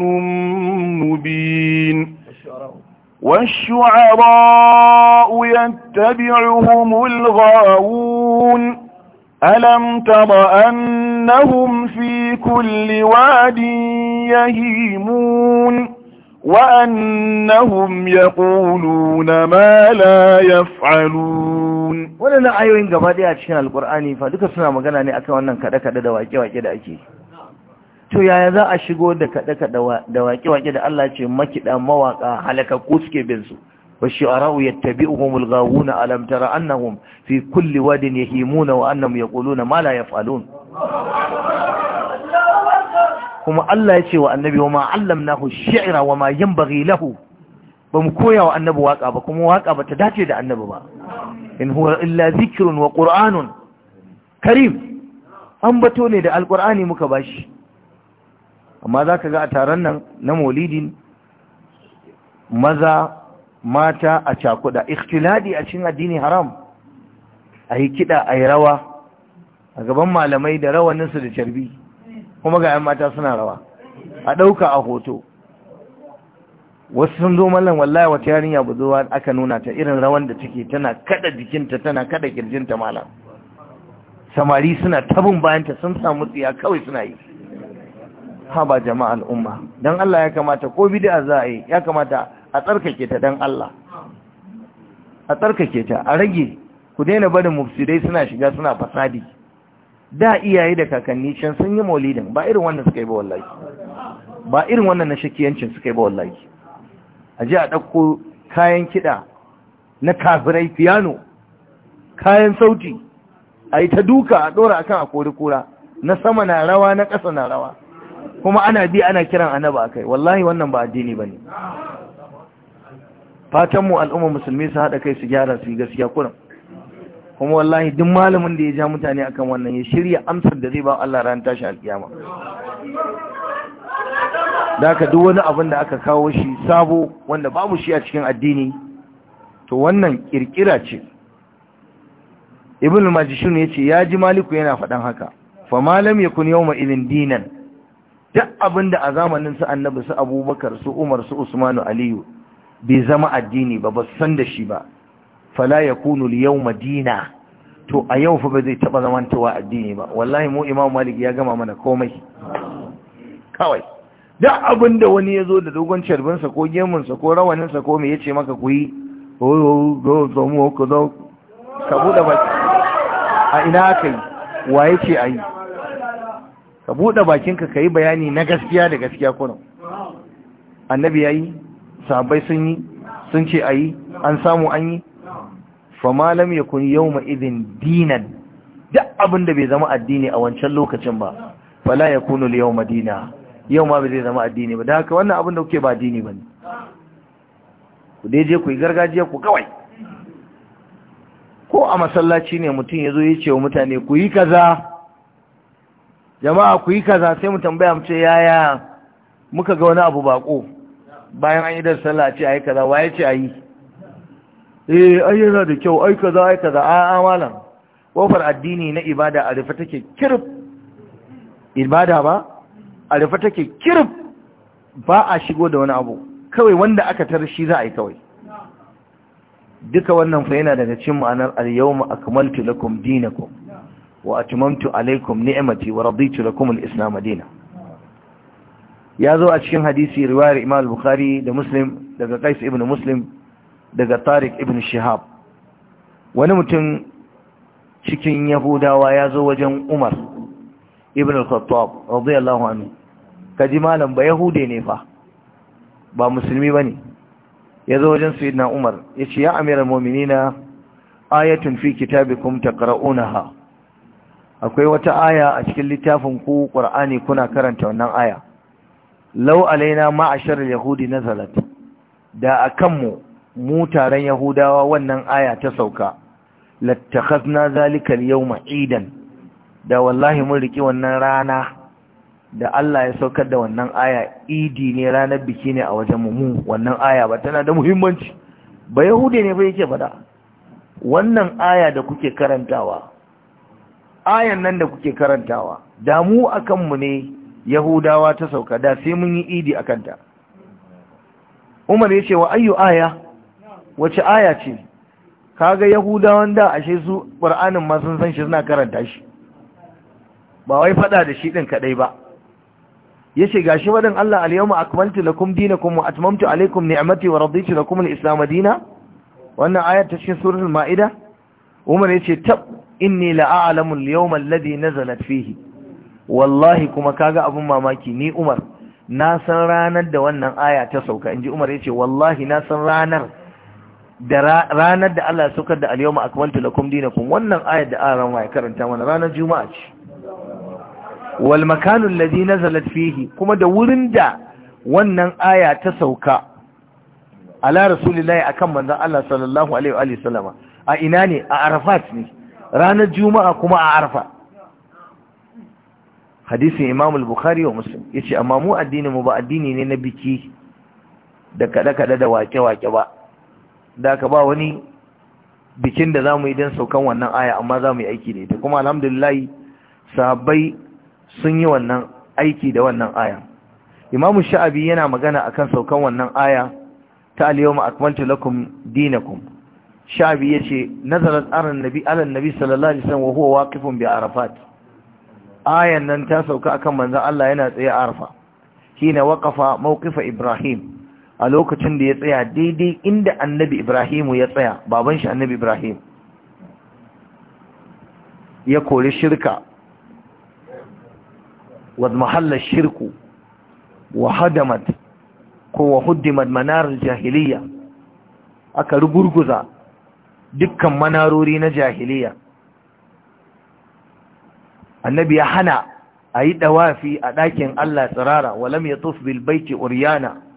مبين والشعراء يتبعهم الغاوون ألم تر أنهم في كل واد يهيمون وأنهم يقولون ما لا يفعلون waɗannan ayoyin gaba ɗaya a cikin alƙur'ani fa duka suna magana ne akan wannan kaɗe-kaɗe da waƙe-waƙe da ake to yaya za a shigo da kaɗe-kaɗe da waƙe-waƙe da Allah ce makiɗa mawaƙa halakakku suke bin su والشعراء يتبعهم الغاوون ألم تر أنهم في كل واد يهيمون وأنهم يقولون ما لا يفعلون kuma Allah ya ce wa annabi wa ma allamnahu shi'ra wa ma yanbaghi lahu ba mu koya wa annabi waka ba kuma waka ba ta dace da annabi ba in huwa illa zikrun wa qur'anun karim an bato ne da alqur'ani muka bashi amma zaka ga a taron nan na maulidin maza mata a cakuda ikhtiladi a cikin addini haram ayi kida ayi rawa a gaban malamai da rawaninsu da carbi kuma ga yan mata suna rawa a ɗauka a hoto wasu sun zo mallan wallahi wata yarinya zo aka nuna ta irin rawan da take tana kada jikinta tana kada kirjinta malam samari suna tabin bayanta sun samu tsiya kawai suna yi ba jama'a al'umma don Allah ya kamata ko bid'a za a yi ya kamata a tsarkake ta don Allah a tsarkake ta a rage ku daina barin mufsidai suna shiga suna fasadi da iyaye da kakanni can sun yi maulidin ba irin wannan suka yi ba wallahi ba irin wannan na shakiyancin suka yi ba wallahi a ji a ɗauko kayan kiɗa na kafirai fiyano kayan sauti a yi ta duka a ɗora akan a kori kura na sama na rawa na ƙasa na rawa kuma ana bi ana kiran annaba kai, wallahi wannan ba addini ba ne. Fatanmu al'ummar musulmi su haɗa kai su gyara su yi gaskiya kurin kuma wallahi duk malamin da ya ja mutane akan wannan ya shirya amsar da zai ba Allah ran tashi alkiyama da duk wani abin da aka kawo shi sabo wanda babu shi a cikin addini to wannan kirkira ce ibn majishun ya ce ya ji maliku yana faɗan haka fa malam ya yawma yau dinan duk abinda a zamanin su annabi su abubakar su umar su usmanu aliyu bai zama addini ba ba san da shi ba fala ya kunu yawma dina to a yau fa ba zai taba zamantawa addini ba wallahi mu imam malik ya gama mana komai kawai duk abinda wani ya zo da dogon carbinsa ko gemunsa ko rawaninsa ko mai ya ce maka ku yi oh, oh, ka buɗe baki a ina aka yi wa ya ce a yi ka buɗe bakinka ka yi bayani na gaskiya da gaskiya kuna annabi ya yi sahabbai sun yi sun ce a yi an samu an yi fama lam yakun yawma idin dinan duk abin da bai zama addini a wancan lokacin ba fala yakunu al-yawma madina, yau ma bai zai zama addini ba da haka wannan abin da kuke ba addini bane ku dai je ku yi gargajiya ku kawai ko a masallaci ne mutum ya zo ya ce wa mutane ku yi kaza jama'a ku yi kaza sai mu tambaya mu ce yaya muka ga wani abu bako bayan an yi dar sallah ce ayi kaza waye ce ayi eh ai yana da kyau ai kaza ai kaza a a malam kofar addini na ibada a rufe take kirf ibada ba a rufe take kirf ba a shigo da wani abu kawai wanda aka tar shi za a yi kawai duka wannan fa yana daga cikin ma'anar al-yawma akmaltu lakum dinakum wa atmamtu alaykum ni'mati wa raditu lakum al-islam dinan yazo a cikin hadisi riwayar Imam Bukhari da Muslim daga Qais ibn Muslim daga tariq ibn shihab wani mutum cikin yahudawa ya zo wajen umar ibn al-khattab radiyallahu anhu kaji malam ba yahude ne fa ba musulmi bane ya zo wajen sayyidina umar yace ya amiral mu'minina ayatun fi kitabikum taqra'unaha akwai wata aya a cikin littafin ku qur'ani kuna karanta wannan aya law alaina ma'ashar yahudi nazalat da akan mu mu taron yahudawa wannan aya ta sauka lattakhazna zalika al-yawma idan da wallahi mun riki wannan rana da Allah ya saukar da wannan aya idi ne ranar biki ne a wajen mu wannan aya ba tana da muhimmanci ba yahude ne ba yake fada wannan aya da kuke karantawa ayan nan da kuke karantawa da mu akan mu ne yahudawa ta sauka da sai mun yi idi a kanta. Umar ya ce wa ayyu aya wace aya ce kaga yahudawan da ashe su ƙur'anin ma sun san shi suna karanta shi ba wai faɗa da shi ɗin kaɗai ba ya ce gashi waɗin Allah al-yawma akmaltu lakum dinakum wa atmamtu alaykum ni'mati wa raditu lakum al-islam dina wannan ayar ta cikin suratul ma'ida Umar yace tab inni la'alamu al-yawma alladhi nazalat fihi wallahi kuma kaga abun mamaki ni Umar na san ranar da wannan aya ta sauka inji Umar yace wallahi na san ranar da ranar da Allah saukar da al-yawma akmaltu lakum dinakum wannan ayat da aran ya karanta mana ranar juma'a ce wal makanu alladhi nazalat fihi kuma da wurin da wannan aya ta sauka ala rasulillahi akan manzon Allah sallallahu alaihi wa sallama a ina ne a Arafat ne ranar juma'a kuma a arafa. hadisin Imam al-Bukhari wa Muslim yace amma mu addinin mu ba addini ne na biki da kada kada da wake wake ba da ka ba wani bikin da za mu yi don saukan wannan aya amma za mu yi aiki da ita kuma alhamdulillah sahabbai sun yi wannan aiki da wannan aya imamu sha'abi yana magana akan saukan wannan aya ta al-yawma akmaltu lakum dinakum sha'abi yace nazarat aran nabi ala nabi sallallahu alaihi wasallam wa huwa waqifun bi arafat ayan nan ta sauka akan manzan, Allah yana tsaye a arfa hina waqafa mawqifa ibrahim a lokacin da ya tsaya daidai inda annabi ibrahimu ya tsaya baban shi annabi ibrahim ya kori shirka wadda mahallar shirku wa ko wa huddimat manarar jahiliya aka rugurguza dukkan manarori na jahiliya annabi ya hana a yi ɗawafi a ɗakin Allah tsirara walam ya tuf bilbaiki uriyana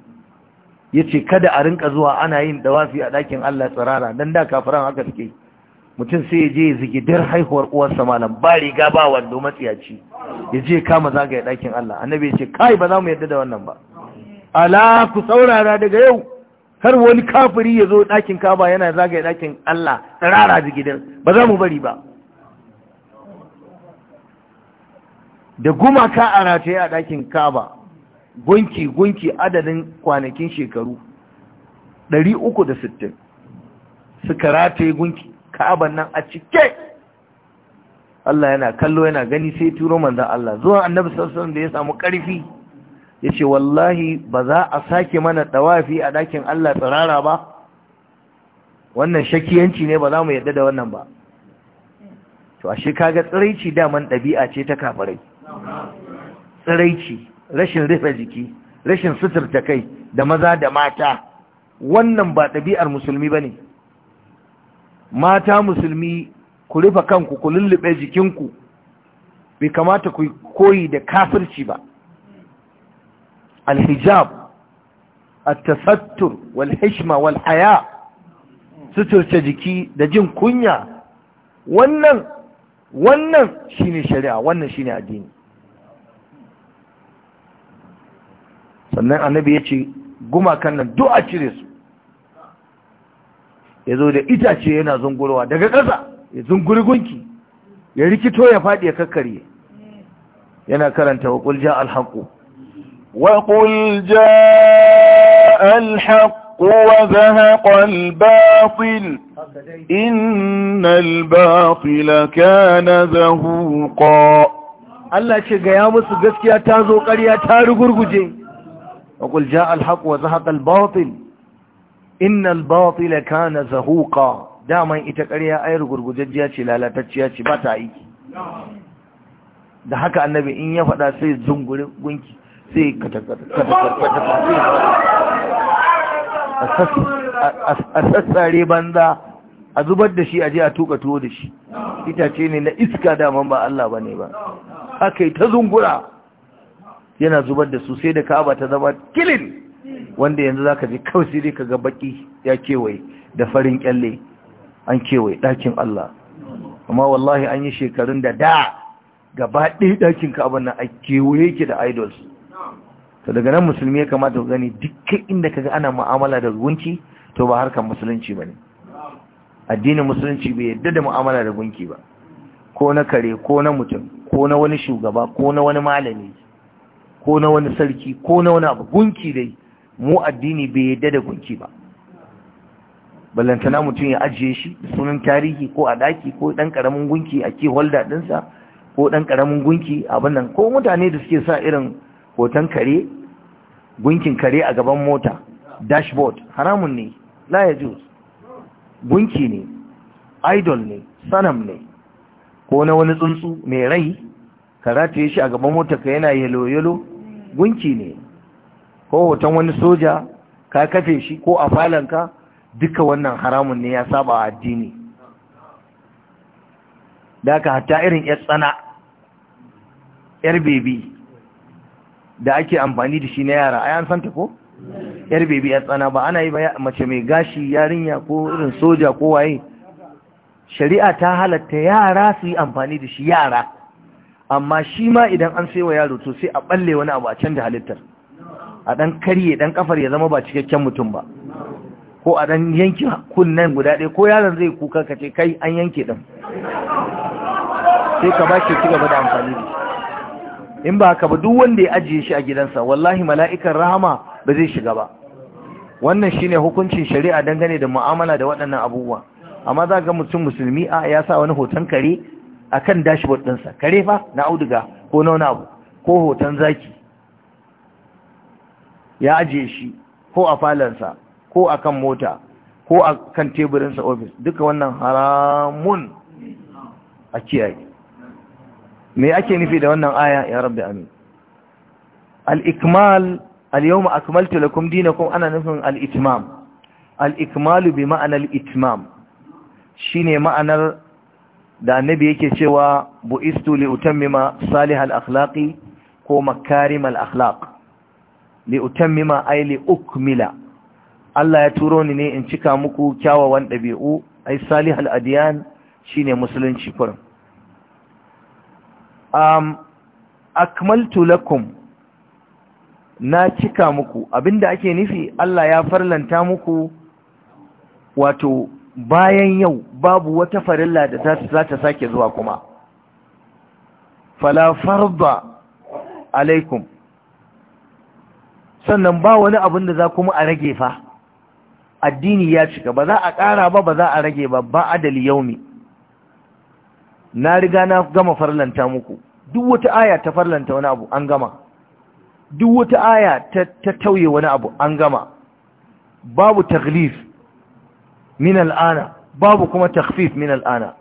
Ya ce kada a rinka zuwa ana yin dawafi a ɗakin Allah tsirara don da kafiran haka suke mutum sai ya je ya dar haihuwar uwarsa malam ba riga ba wando matsiyaci ya je kama zagaya ɗakin Allah annabi ya ce kai ba za mu yadda da wannan ba ala ku saurara daga yau kar wani kafiri ya zo ɗakin kaba yana zagaya ɗakin Allah tsirara dar ba za mu bari ba da gumaka a rataye a ɗakin kaba gunki gunki adadin kwanakin shekaru 360 suka rataye gunki ka'aban nan a cike Allah yana kallo yana gani sai turo manzan Allah Zuwa annabi sassan da ya samu ƙarfi ya ce wallahi ba za a sake mana ɗawafi a ɗakin Allah tsirara ba wannan shakiyanci ne ba za mu yadda da wannan ba to ashe kaga tsiraici daman ɗabi'a ce ta kafarai tsiraici rashin rufe jiki rashin suturta kai da maza da mata wannan ba ɗabi'ar musulmi ba ne mata musulmi ku rufe kanku ku lullube jikinku bai kamata ku koyi da kafirci ba alhijab attasattur tasattur wal hishma wal haya jiki da jin kunya wannan wannan shine shari'a wannan shine addini sannan annabi ya ce gumakan nan duk a cire su ya zo da itace yana zungurowa daga ƙasa ya zunguri gunki ya rikito ya faɗi ya kakkarye yana karanta wa ƙulja alhaƙo wa ƙulja alhaƙo وزهق الباطل إن ka na zahuƙo Allah ce ga ya musu gaskiya ta zo ƙarya ta rugurguje وقل جاء الحق وزهق الباطل إن الباطل كان زهوقا دائما يتكريا أير غرغو ججيا لا لا تجيا چي باتا اي ده حق النبي إن يفدا سي زنغر ونكي سي كتا كتا كتا كتا أساس ساري باندا أزبط دشي أجي أتوك أتوه دشي إتا چيني لا إسكا دا منبا الله باني با أكي تزنغرا yana zubar da su sai da ka'aba ta zama kilin wanda yanzu za ka ji kawai sai dai ga baki ya kewaye da farin kyalle an kewaye ɗakin Allah amma wallahi an yi shekarun da da gaba ɗaya ɗakin ka'aba nan a kewaye ke da idols to daga nan musulmi ya kamata ku gani dukkan inda kaga ana mu'amala da gunki to ba harkar musulunci ba ne. addinin musulunci bai yadda da mu'amala da gunki ba ko na kare ko na mutum ko na wani shugaba ko na wani malami ko na wani sarki ko na wani abu gunki dai mu addini bai yadda da gunki ba ballantana mutum ya ajiye shi sunan tarihi ko a daki ko dan karamin gunki a ke holda dinsa ko dan karamin gunki abin nan ko mutane da suke sa irin hoton kare gunkin kare a gaban mota dashboard haramun ne la jus. gunki ne idol ne sanam ne ko na wani tsuntsu mai rai ya shi a gaban motarka yana yalo-yalo gunki ne ko hoton wani soja ka kafe shi ko a falanka duka wannan haramun ne ya saba addini da aka hata irin ya tsana yar bebi da ake amfani da shi na yara ai yan santa ko yar bebi ya tsana ba ana yi ba mace mai gashi yarinya ko irin soja ko waye shari'a ta halatta yara su yi amfani da shi yara amma shi ma idan an wa yaro to sai a balle wani abu a canza halittar a dan karye dan kafar ya zama ba cikakken mutum ba ko a dan yanki kunnen guda ɗaya ko yaron zai kuka ka ce kai an yanke din sai ka ba shi cigaba da amfani da shi in ba haka ba duk wanda ya ajiye shi a gidansa wallahi mala'ikan rahama ba zai shiga ba wannan shine hukuncin shari'a dangane da mu'amala da waɗannan abubuwa amma za ga mutum musulmi a ya sa wani hoton kare a kan dashboard ɗinsa kare fa na auduga ko na wani abu ko hoton zaki ya ajiye shi ko a falansa ko a kan mota ko a kan teburinsa ofis duka wannan haramun a kiyaye me ake nufi da wannan aya ya rabbi amin al-ikmal al-yawma akmaltu dina kuma ana nufin al al’ikmalu al bi ma'anar itmam ne ma'anar da annabi yake cewa bu'istu li utammima salihal akhlaqi ko makarimal akhlaq li utammima ay li ukmila Allah ya turo ni ne in cika muku kyawawan ɗabi'u ai salihal adiyan shine musulunci kurin um akmaltu lakum na cika muku abinda ake nufi Allah ya farlanta muku wato bayan yau babu wata farilla da za ta sake zuwa kuma fala farda alaikum sannan ba wani abin da za kuma a rage fa addini ya cika ba za a ƙara ba ba za a rage ba ba adali yaumi na riga na gama farlanta muku duk wata aya ta farlanta wani abu an gama duk wata aya ta tauye wani abu an gama babu taglif min al'ana babu kuma takfif min al'ana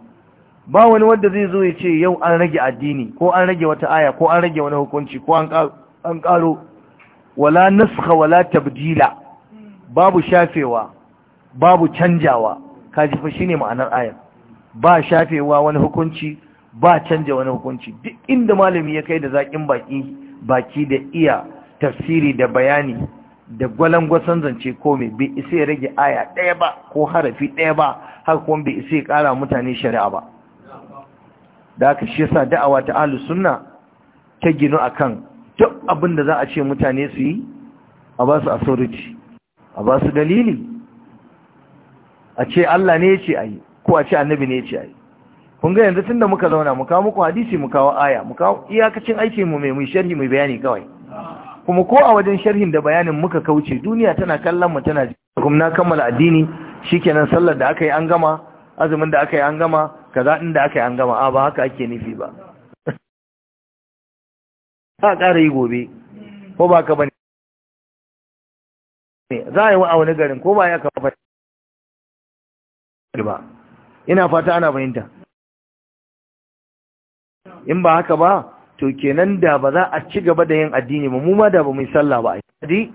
ba wani wanda zai zo ya ce yau an rage addini ko an rage wata aya ko an rage wani hukunci ko an karo wala naskha wala tabdila babu shafewa babu canjawa kaji fa shine ma'anar aya ba shafewa wani hukunci ba canja wani hukunci duk inda malami ya kai da zakin baki baki da iya tafsiri da bayani da gwalangwasan zance ko mai bai isa ya rage aya ɗaya ba ko harafi ɗaya ba har kuma bai isa ya ƙara mutane shari'a ba da aka shi yasa da'awa ta ahlus sunna ta ginu akan duk abin da za a ce mutane su yi a ba su authority a ba su dalili a ce Allah ne ya ce ayi ko a ce annabi ne ya ce ayi kun ga yanzu tunda muka zauna mu kawo muku hadisi mu kawo aya mu kawo iyakacin aikin mu mai mu sharhi mu bayani kawai kuma ko a wajen sharhin da bayanin muka kauce duniya tana kallon mu tana kuma na kammala addini shikenan sallar da aka yi an gama azumin da aka yi an gama kaza din da aka yi an gama a ba haka ake nufi ba ba ƙara yi gobe ko ba ka bane za a yi wa wani garin ko ba ya kafa ba ina fata ana fahimta in ba haka ba to kenan da ba a ci gaba da yin addini ba mu ma da ba mu yi sallah ba ai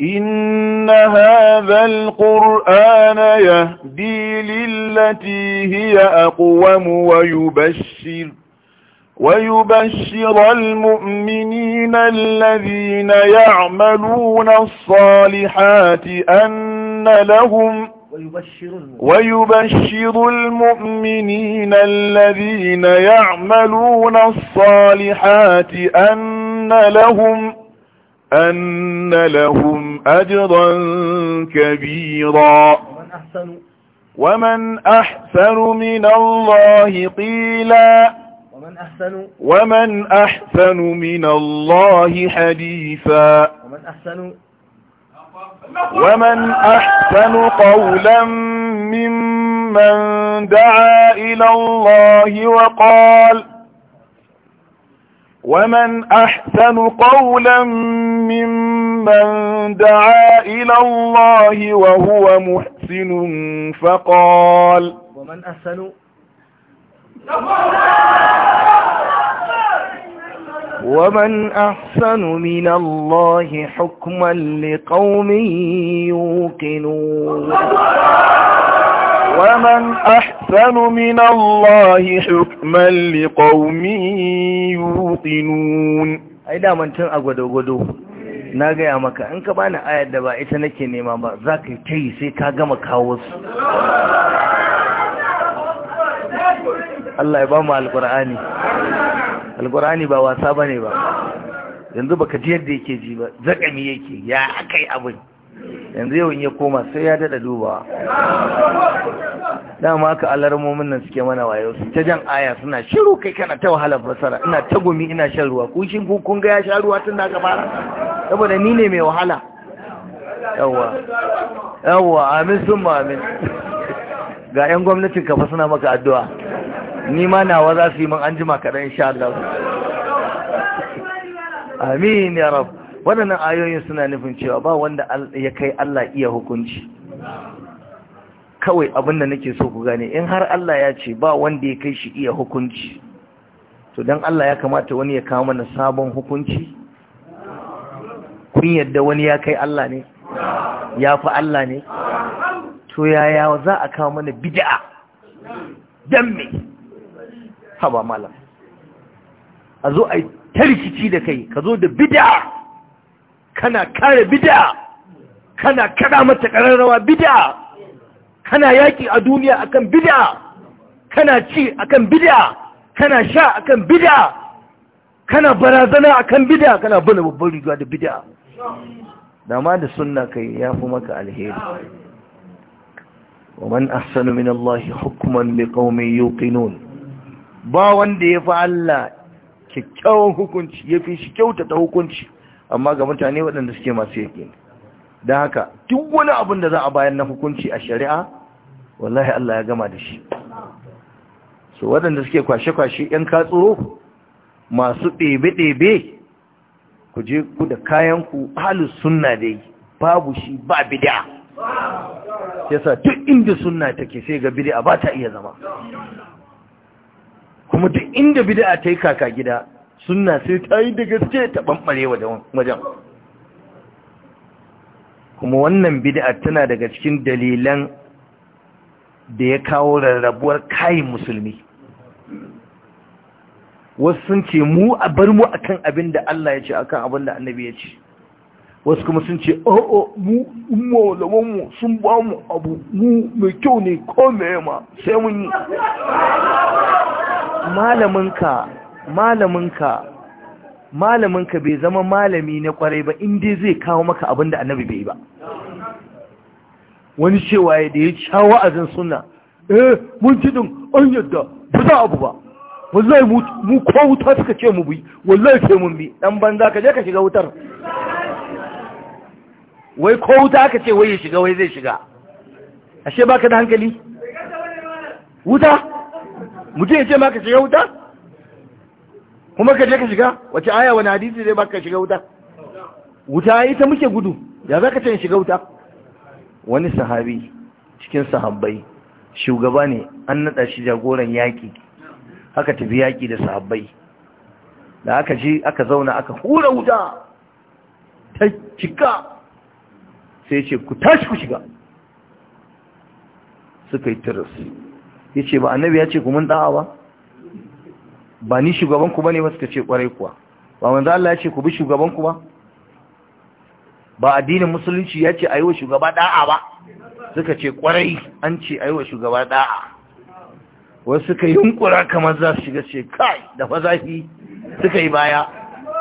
inna hadha alqur'ana yahdi lillati hiya aqwam wa yubashshir wa yubashshir almu'minina alladhina ya'maluna as-salihati anna lahum ويبشر, المؤمنين الذين يعملون الصالحات أن لهم أن لهم أجرا كبيرا ومن أحسن, ومن أحسن من الله قيلا ومن أحسن, ومن أحسن من الله حديثا ومن أحسن ومن أحسن قولا ممن دعا إلى الله وقال ومن أحسن قولا ممن دعا إلى الله وهو محسن فقال ومن أحسن ومن أحسن من الله حكما لقوم يوقنون ومن أحسن من الله حكما لقوم يوقنون أي دا من تن أقودو قدو na gaya maka in ka bani ayar da ba ita nake nema ba za ka yi sai ka gama kawo su Allah ya ba Alkur'ani. alkur'ani ba wasa ba ne ba yanzu baka ji yadda yake ji ba zakami yake ya aka yi abin yanzu yau in ya koma sai ya dada dubawa dama ka alarmomin nan suke mana wayo su ta jan aya suna shiru kai kana ta wahala fasara ina ta gumi ina shan ruwa kushin kun ga ya sha ruwa tun da aka fara saboda ni ne mai wahala yawwa yawwa amin sun amin ga 'yan gwamnatin kafa suna maka addu'a ni ma nawa za su yi min an jima kaɗan sha Allah amin ya rabu waɗannan ayoyin suna nufin cewa ba wanda ya kai Allah iya hukunci kawai abin da nake so ku gane in har Allah ya ce ba wanda ya kai shi iya hukunci to don Allah ya kamata wani ya kawo mana sabon hukunci kun yadda wani ya kai Allah ne ya fi Allah ne to yaya za a kawo mana bid'a don me haba malam a zo a yi ta rikici da kai ka zo da bida kana kare bida kana kada mata kararrawa bida kana yaki a duniya akan bida kana ci akan bida kana sha akan bida kana barazana akan bida kana bana babban riga da bida dama da sunna kai ya fi maka alheri ومن أحسن من الله حكما لقوم يوقنون ba wanda ya fi Allah kyakkyawan hukunci ya fi shi kyautata hukunci amma ga mutane waɗanda suke masu yake don haka duk wani abin da za a bayan na hukunci a shari'a wallahi Allah ya gama da shi so waɗanda suke kwashe-kwashe 'yan katsuro masu ɗebe-ɗebe ku je ku da kayanku halin sunna dai babu shi ba bida yasa duk inda sunna take sai ga bida ba ta iya zama kuma duk inda bid'a ta yi kaka gida suna sai ta yi da gaske ta bambare wajen kuma wannan bid'a tana daga cikin dalilan da ya kawo rarrabuwar kayan musulmi wasu sun ce mu a bar mu akan abin da Allah ya ce akan abin da annabi ya ce wasu kuma sun ce o'o oh, oh, mu malamanmu sun ba mu abu mu mai kyau ne ko mai ma sai mun yi malaminka malaminka malaminka bai zama malami na kwarai ba inda zai kawo maka abin da annabi bai ba wani cewa ya da ya sha wa'azin suna eh mun ci din an yadda ba za abu ba wallahi mu ko wuta suka ce mu bi wallahi ce mun bi dan banza ka je ka shiga wutar wai ko wuta aka ce wai ya shiga wai zai shiga ashe baka da hankali wuta mutum ya ce ma ka shiga wuta kuma ka je ka shiga wace aya wani hadisi zai baka shiga wuta wuta ita muke gudu ya za ka ce shiga wuta wani sahabi cikin sahabbai shugaba ne an naɗa shi jagoran yaƙi haka tafi yaƙi da sahabbai da aka ji aka zauna aka hura wuta ta cika sai ce ku tashi ku shiga suka yi tiris ya ce ba annabi ya ce ku mun da'a ba ba ni shugabanku ba ne ba suka ce kwarai kuwa ba manzo Allah ya ce ku bi shugabanku ba ba addinin musulunci ya ce ayi wa shugaba da'a ba suka ce kwarai an ce ayi wa shugaba da'a wasu suka yunkura kamar za su shiga ce kai da fa zafi suka yi baya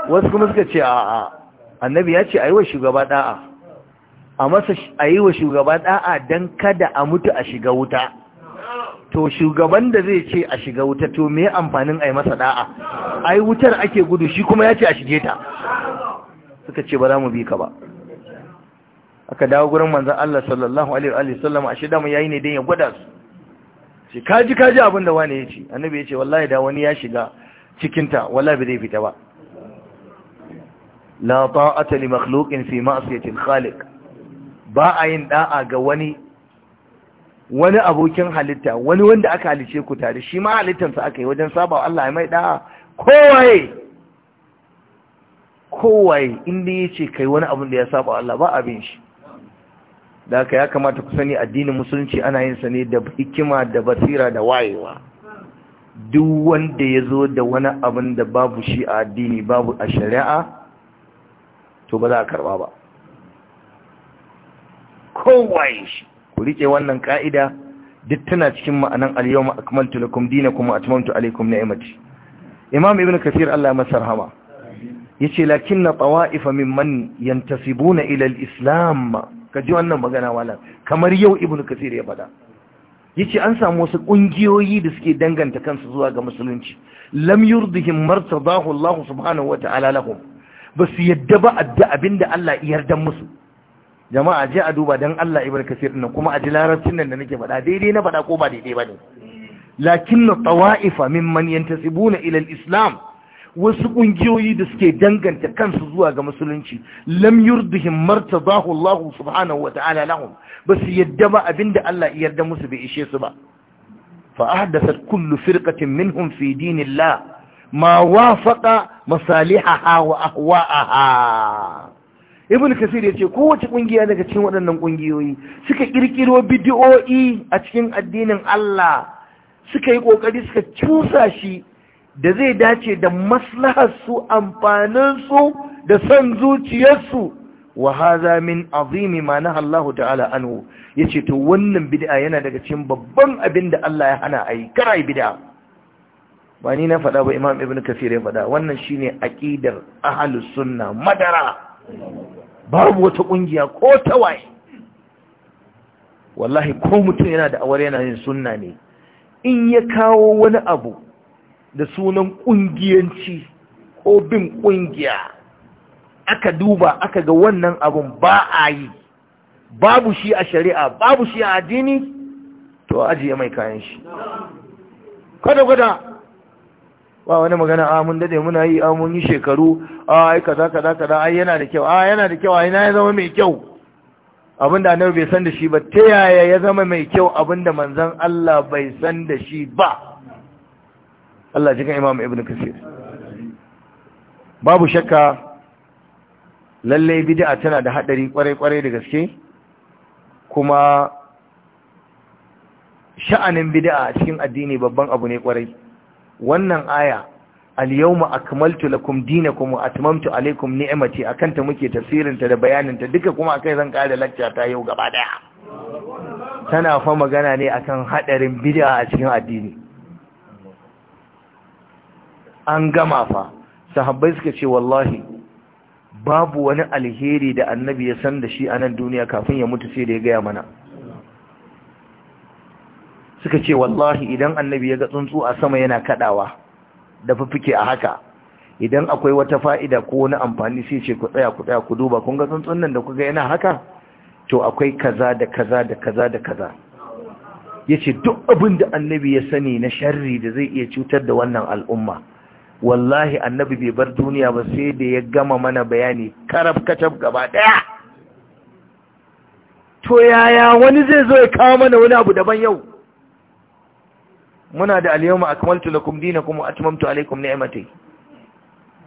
wasu kuma suka ce a'a annabi ya ce ayi wa shugaba da'a a masa ayi wa shugaba da'a dan kada a mutu a shiga wuta to shugaban da zai ce a shiga wuta to me amfanin a yi masa da'a ai wutar ake gudu shi kuma ya ce a shige ta suka ce ba za mu bi ka ba aka dawo gurin manzan Allah sallallahu alaihi wa sallam. a shida mu yayi ne dan ya gwada su ce kaji kaji abin da wani ya ce annabi ya ce wallahi da wani ya shiga cikin ta wallahi bai zai fita ba la ta'ata li makhluqin fi ma'siyati al-khaliq ba a yin da'a ga wani wani abokin halitta wani wanda aka halice ku tare shi ma halittansa aka yi wajen saba Allah ya mai da'a kowaye kowaye inda ya ce kai wani abin da ya saba Allah ba abin shi da haka ya kamata ku sani addinin musulunci ana yin sa ne da hikima da basira da wayewa duk wanda ya zo da wani abin da babu shi a addini babu a shari'a to ba za a karba ba kowaye shi ku rike wannan ka'ida duk tana cikin ma'anan al-yawma akmaltu lakum dinakum wa atmamtu alaykum ni'mati imam ibn kathir Allah ya masa rahama yace lakinna tawa'ifa mimman yantasibuna ila al-islam kaji wannan magana wala kamar yau ibn kathir ya faɗa yace an samu wasu kungiyoyi da suke danganta kansu zuwa ga musulunci lam yurdihim martadahu Allah subhanahu wa ta'ala lahum basu yadda ba adda abinda Allah yarda musu jama'a je a duba dan Allah ibn kasir din kuma a ji larabcin nan da nake faɗa daidai na faɗa ko ba daidai bane lakinna tawa'ifa mimman yantasibuna ila ilal islam wasu kungiyoyi da suke danganta kansu zuwa ga musulunci lam yurdihim martadahu Allahu subhanahu wa ta'ala lahum basu yadda ba abinda Allah ya yarda musu bai ishe su ba fa ahdathat kullu firqatin minhum fi dinillah ma wafaqa masalihaha wa ahwa'aha ibn kasir ce, kowace kungiya daga cikin waɗannan kungiyoyi suka ƙirƙiro bidiyo'i a cikin addinin Allah suka yi ƙoƙari, suka cusa shi da zai dace da maslahar amfaninsu, da son zuciyarsu wa hadha min azimi ma naha Allah ta'ala anhu yace to wannan bid'a yana daga cikin babban abin da Allah ya hana ai karai bid'a ba ni na faɗa ba Imam Ibn kasir ya faɗa wannan shine aƙidar ahlus sunna madara babu wata ƙungiya ko ta waye wallahi ko mutum yana da awar yana yin sunna ne in ya kawo wani abu da sunan ƙungiyanci ko bin ƙungiya aka duba aka ga wannan abun ba a yi babu shi a shari'a babu shi a addini to ajiye mai kayan shi kada-kada ba wani magana a ah, mun dade muna yi a ah, mun yi shekaru a ah, ai kaza kaza kaza ai yana da kyau a yana da kyau A ina ya zama mai kyau abinda annabi bai san da shi ba ta yaya ya zama mai kyau abinda manzon Allah bai san da shi ba Allah jikan Imam Ibn kasir babu shakka lalle bid'a tana da hadari kwarai kwarai da gaske kuma sha'anin bid'a a cikin addini babban abu ne kwarai wannan aya al-yawma akmaltu lakum dinakum wa atmamtu alaykum ni'mati akan ta muke tafsirin da bayanin ta duka kuma akai zan kare lecture ta yau gaba daya tana fa magana ne akan hadarin bid'a a cikin addini an gama fa sahabbai suka ce wallahi babu wani alheri da annabi ya san da shi a nan duniya kafin ya mutu sai da ya gaya mana suka ce wallahi idan annabi ya ga tsuntsu a sama yana kadawa da fuffuke a haka idan akwai wata fa'ida ko wani amfani sai ce ku tsaya ku tsaya ku duba kun ga tsuntsun nan da kuga yana haka to akwai kaza da kaza da kaza da kaza yace duk abin da annabi ya sani na sharri da zai iya cutar da wannan al'umma wallahi annabi bai bar duniya ba sai da ya gama mana bayani karaf katab gaba daya to yaya wani zai zo ya kawo mana wani abu daban yau muna da al-yawma akmaltu lakum dinakum wa atmamtu alaykum ni'mati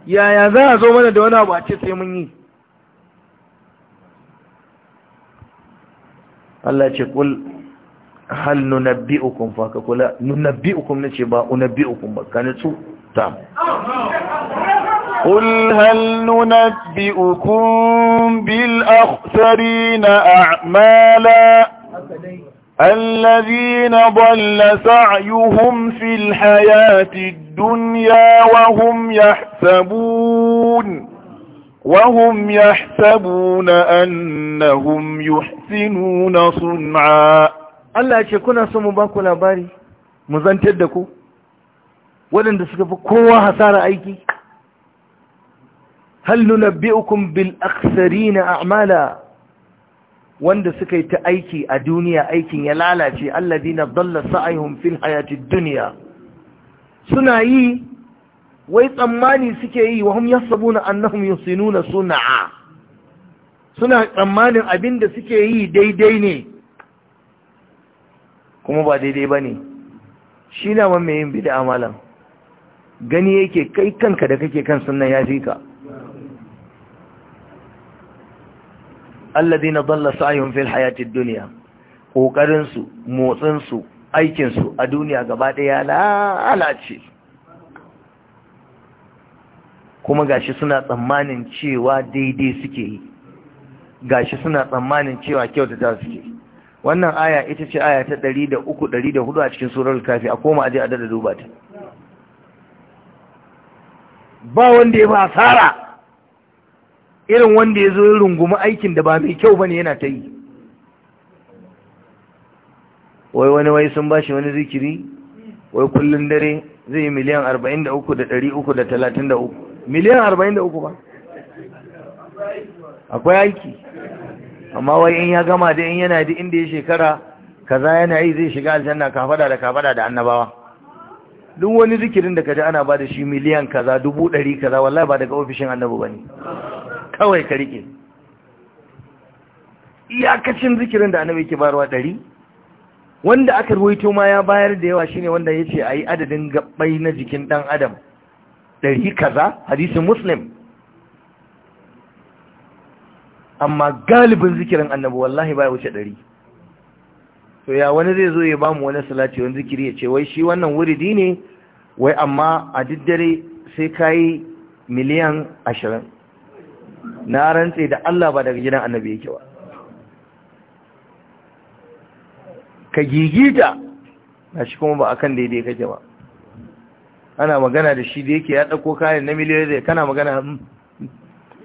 yaya za a zo mana da wani abu a ce sai mun yi Allah ce kul hal nunabbi'ukum fa ka kula nunabbi'ukum nace ba unabbi'ukum ba kana su tam قل هل ننبئكم بالأخسرين أعمالا الذين ضل سعيهم في الحياة الدنيا وهم يحسبون وهم يحسبون أنهم يحسنون صنعا Allah ce kuna so mu ba ku labari mu zantar da ku waɗanda suka fi kowa hasara aiki hal nunabbi'ukum bil aksarina a'mala wanda suka yi ta aiki a duniya aikin ya lalace alladina dalla sa'ayhum fil hayatid dunya suna yi wai tsammani suke yi wa hum yasabuna annahum yusinuna sun'a suna tsammanin abinda suke yi daidai ne kuma ba daidai bane shi na mai yin bid'a malam gani yake kai kanka da kake kan sunnan ya ka na dhalla sa'yuhum fil hayatid dunya kokarin su motsin su aikin su a duniya gaba daya lalace kuma gashi suna tsammanin cewa daidai suke yi gashi suna tsammanin cewa kyauta ta suke wannan aya ita ce aya ta 300 a cikin surar kafi a koma aje a dada duba ta ba wanda ya ba irin wanda ya zo ya rungumi aikin da ba mai kyau ba ne yana ta yi wai wani wai sun ba shi wani zikiri wai kullum dare zai yi miliyan arba'in da uku da uku uku da talatin da uku. miliyan arba'in da uku ba akwai aiki amma wai in ya gama da in yana da inda ya shekara kaza yana yi zai shiga aljanna kafada da kafada da annabawa duk wani zikirin da kaji ana ba da shi miliyan kaza dubu ɗari kaza wallahi ba daga ofishin annabu ba ne kawai ka rike iyakacin zikirin da annabi yake barwa ɗari wanda aka ruwaito ma ya bayar da yawa shine wanda ya ce a yi adadin gabbai na jikin ɗan adam ɗari kaza hadisin muslim amma galibin zikirin annabi wallahi baya wuce ɗari to ya wani zai zo ya ba mu wani salati wani zikiri ya ce wai shi wannan wuridi ne wai amma a diddare sai kayi miliyan ashirin na rantse da Allah ba daga gidan annabi yake ba ka gigita na shi kuma ba akan daidai kake ba ana magana da shi da yake ya ɗauko kayan na miliyoyi da kana magana hmm, hmm.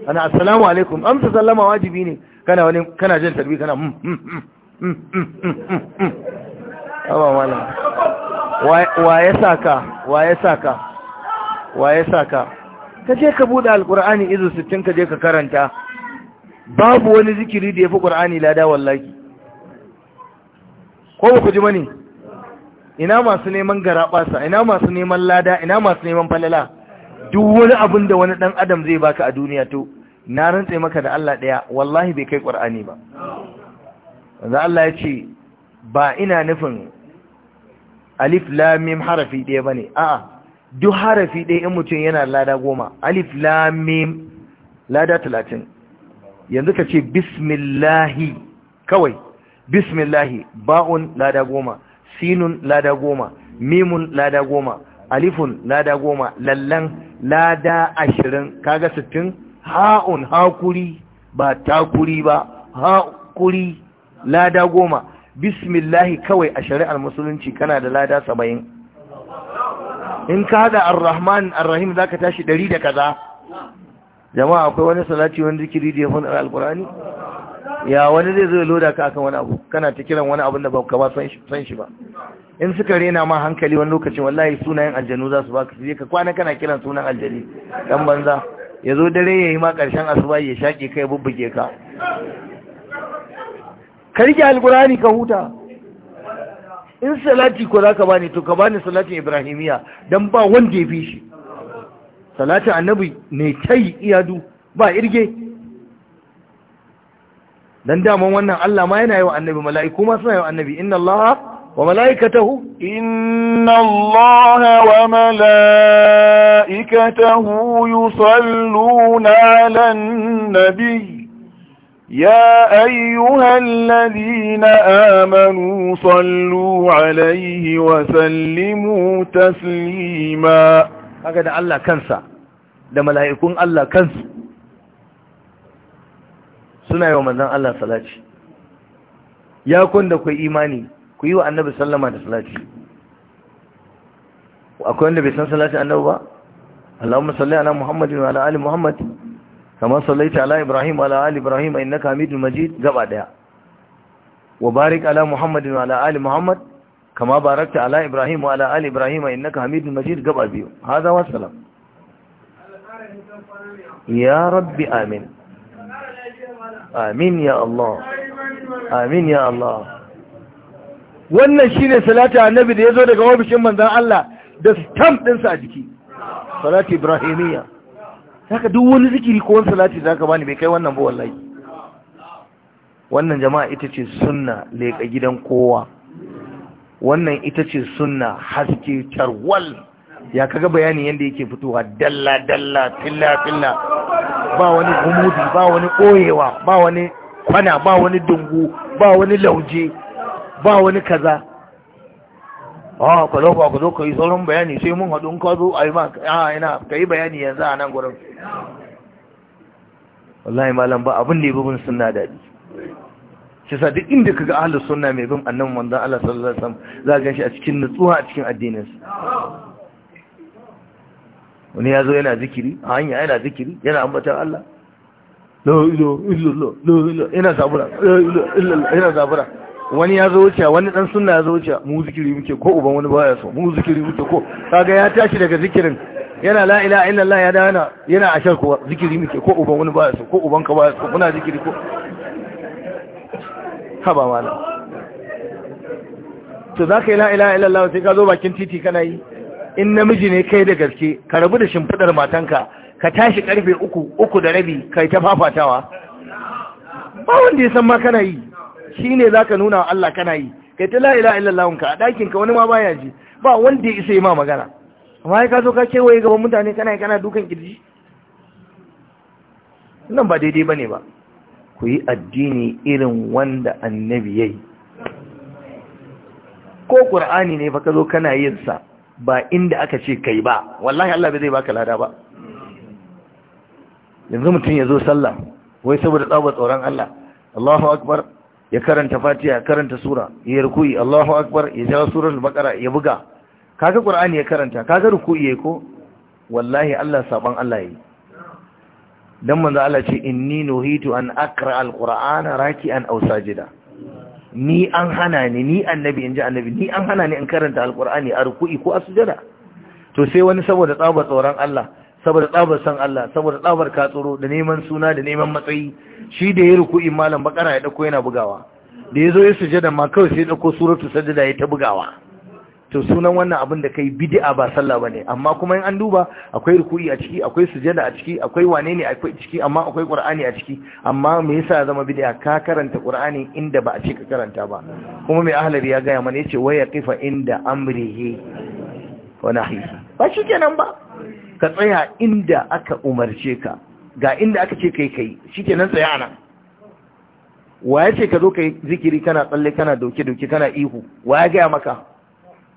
ana assalamu alaikum amsa sallama wajibi ne kana wani kana jin tarbi kana hmm, awa wala wa ya saka wa ya saka wa ya saka ka je ka buɗe alkur'ani izu sittin ka je ka karanta babu wani zikiri da ya fi ƙur'ani lada wallaki ko ba ku ji mani ina masu neman garaɓasa ina masu neman lada ina masu neman falala duk wani abin da wani ɗan adam zai baka a duniya to na rantse maka da Allah ɗaya wallahi bai kai ƙur'ani ba za Allah ya ce ba ina nufin alif lamim harafi ɗaya ba ne a'a duk harafi ɗaya in mutum yana lada goma alif lamim lada talatin yanzu ka ce bismillahi kawai bismillahi ba'un lada goma sinun lada goma mimun lada goma alifun lada goma lallan lada ashirin kaga sittin ha'un hakuri ba takuri ba hakuri lada goma bismillahi kawai a shari'ar musulunci kana da lada saba'in in ka haɗa al rahman al rahim zaka tashi ɗari da kaza jama'a akwai wani salati wani zikiri da ya fi alkurani ya wani zai zo loda ka akan wani abu kana ta kiran wani abin da ba ka ba san shi ba in suka rena ma hankali wani lokacin wallahi sunayen aljanu za su ba ka su ka kwana kana kiran sunan aljani dan banza ya zo dare ya yi ma karshen asuba ya shaƙe kai bubbuge ka ka rike alkurani ka huta in salati ko za ka bani to ka bani salatin ibrahimiya don ba wanda ya fi shi salatin annabi ne tai iyadu ba irge don daman wannan Allah ma yana yi wa annabi mala'iku ma suna yi wa annabi inna Allah وملائكته إن الله وملائكته يصلون na النبي يا أيها الذين آمنوا صلوا عليه وسلموا تسليما هكذا الله كنسا da mala'ikun Allah kansu suna yi wa manzan Allah salaci ya kunda ku imani ku yi wa annabi sallama da salaci akwai wanda bai san salaci annabi ba Allahumma salli ala Muhammadin wa ala ali Muhammad kama sallaita ala ibrahim ala ali ibrahim innaka hamidul majid gaba daya wa barik ala muhammadin wa ala ali muhammad kama barakta ala ibrahim wa ala ali ibrahim innaka hamidul majid gaba biyu hada wa salam ya rabbi amin amin ya allah amin ya allah wannan shine salati annabi da yazo daga ofishin manzon Allah da stamp ɗinsa a jiki salati ibrahimiyya haka duk wani zikiri ko wani salati zaka bani bai kai wannan ba wallahi wannan jama'a ita ce sunna leƙa gidan kowa wannan ita ce sunna haske tarwal ya kaga bayanin yadda yake fitowa dalla dalla filla filla ba wani gumudi ba wani koyewa ba wani kwana ba wani dungu ba wani lauje ba wani kaza a kwalofa ku zo ka yi sauran bayani sai mun haɗu ka zo a yi ma ina ka yi bayani yanzu a nan gurin wallahi malam ba abin da ya bubin suna daɗi shi sa duk inda kaga ga ahalar suna mai bin annan wanda Allah sallallahu alaihi wasallam za ka ganshi a cikin nutsuwa a cikin addininsa wani ya zo yana zikiri a hanya yana zikiri yana ambatan Allah la ilo illallah la ilo ina zabura ila ila ina zabura wani ya zo wani dan sunna ya zo mu zikiri muke ko uban wani baya so mu zikiri muke ko kaga ya tashi daga zikirin yana la ilaha illallah ya dana yana a ashar ko zikiri muke ko uban wani baya so ko uban ka baya so muna zikiri ko haba wala to zaka yi la ilaha illallah sai ka zo bakin titi kana yi in namiji ne kai da gaske ka rabu da shimfidar matanka ka tashi karfe uku uku da rabi kai ta fafatawa ba wanda ya san ma kana yi Shi ne za ka nuna Allah kana yi kai ta la’ila illallah ka a ɗakinka wani ma baya ji ba wanda ya isa yi ma magana amma ka kaso ka kewaye gaban mutane kana kana dukan kirji nan ba daidai ba ne ba ku yi addini irin wanda annabi yi ko ƙura'ani ne fa ka zo kana yinsa ba inda aka ce kai ba wallahi Allah bai zai baka lada ba yanzu mutum ya zo sallah wai saboda tsabar tsoron Allah Allahu akbar ya karanta Fatiya, ya karanta sura ya rukuyi Allahu akbar ya jawo surar bakara ya buga kaga qur'ani ya karanta kaga rukuyi yayi ko wallahi Allah saban Allah yayi dan manzo Allah ce inni nuhitu an aqra alqur'ana raki'an aw sajida ni an hana ni ni annabi inji annabi ni an hana ni in karanta alqur'ani a ruku'i ko a sujada to sai wani saboda tsaba tsoron Allah saboda tsabar san Allah saboda tsabar tsoro, da neman suna da neman matsayi shi da ya ruku'i malam bakara ya dauko yana bugawa da ya zo ya sujada ma kawai sai ya dauko suratu sajda ya ta bugawa to sunan wannan abin da kai bidi'a ba sallah bane amma kuma in an duba akwai ruku'i a ciki akwai sujada a ciki akwai wanene ne akwai ciki amma akwai qur'ani a ciki amma me yasa ya zama bid'a ka karanta qur'ani inda ba a ce ka karanta ba kuma mai ahlabi ya gaya mana yace waya qifa inda amrihi wa nahihi ba shi kenan ba ka tsaya inda aka umarce ka ga inda aka ce kai kai nan tsaya Wa ya ce ka zo kai zikiri kana tsalle kana doke doke kana ihu ya gaya maka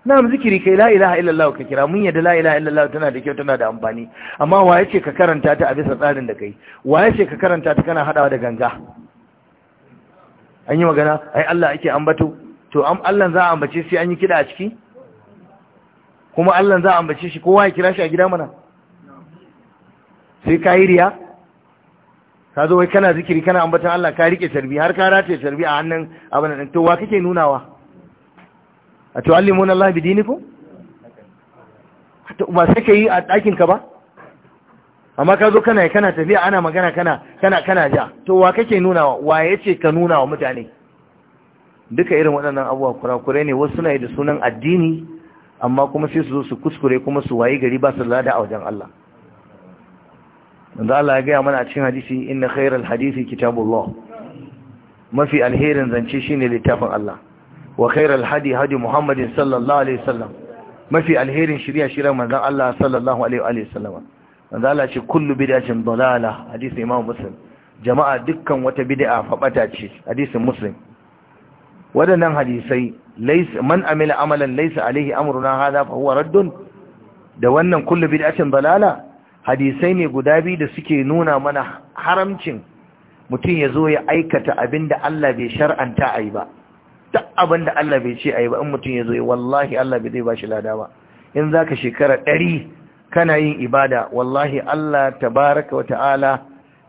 na'am zikiri kai la ilaha illallah ka kira mun yadda la ilaha illallah tana da kyau tana da amfani amma wa ya ce ka karanta ta a bisa tsarin da kai wa ya ce ka karanta ta kana hadawa da ganga an yi magana ai Allah ake ambato to am Allah za a ambace shi an yi kida a ciki kuma Allah za a ambace shi kowa ya kira shi a gida mana sai ka yi riya ka zo wai kana zikiri kana ambatan Allah ka rike tarbi har ka rataye tarbi a hannun abin da to wa kake nunawa a to mun Allah bi to ba sai ka yi a dakin ka ba amma ka zo kana kana tafiya ana magana kana kana kana ja to wa kake nunawa wa yace ka nuna wa mutane duka irin waɗannan abubuwa kurakurai ne wasu suna yi da sunan addini amma kuma sai su zo su kuskure kuma su wayi gari ba su lada a wajen Allah manzo Allah ya gaya mana a cikin hadisi inna khairal hadisi kitabullah mafi alherin zance shine littafin Allah wa khairal hadi hadi Muhammadin sallallahu alaihi wasallam mafi alherin shirya shirya manzon Allah sallallahu alaihi wasallam manzo Allah ce kullu bid'atin dalala hadisi Imam Muslim jama'a dukkan wata bid'a fabata ce hadisin Muslim wadannan hadisai laysa man amila amalan laysa alaihi amruna hada fa huwa raddun da wannan kullu bid'atin dalala hadisai ne guda biyu da suke nuna mana haramcin mutum ya zo ya aikata abin da Allah bai shar'anta a yi ba duk abin da Allah bai ce a yi ba in mutum ya zo ya wallahi Allah bai zai ba shi lada ba in za ka shekara ɗari kana yin ibada wallahi Allah tabaraka wa ta'ala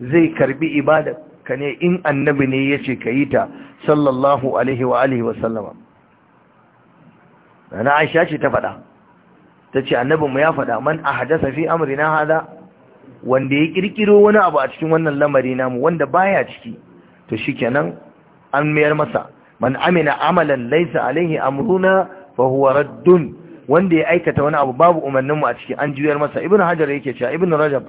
zai karbi ibada ka ne in annabi ne ya ce ka yi ta sallallahu alaihi wa alihi wa sallama na aisha ce ta faɗa ta ce annabinmu ya faɗa man a hadasa fi na hada wanda ya ƙirƙiro wani abu a cikin wannan lamari namu wanda baya ciki to shi kenan an mayar masa man amina amalan Laisa, alaihi amruna fa huwa raddun wanda ya aikata wani abu babu umarnin mu a ciki an juyar masa ibnu hajar yake cewa ibnu rajab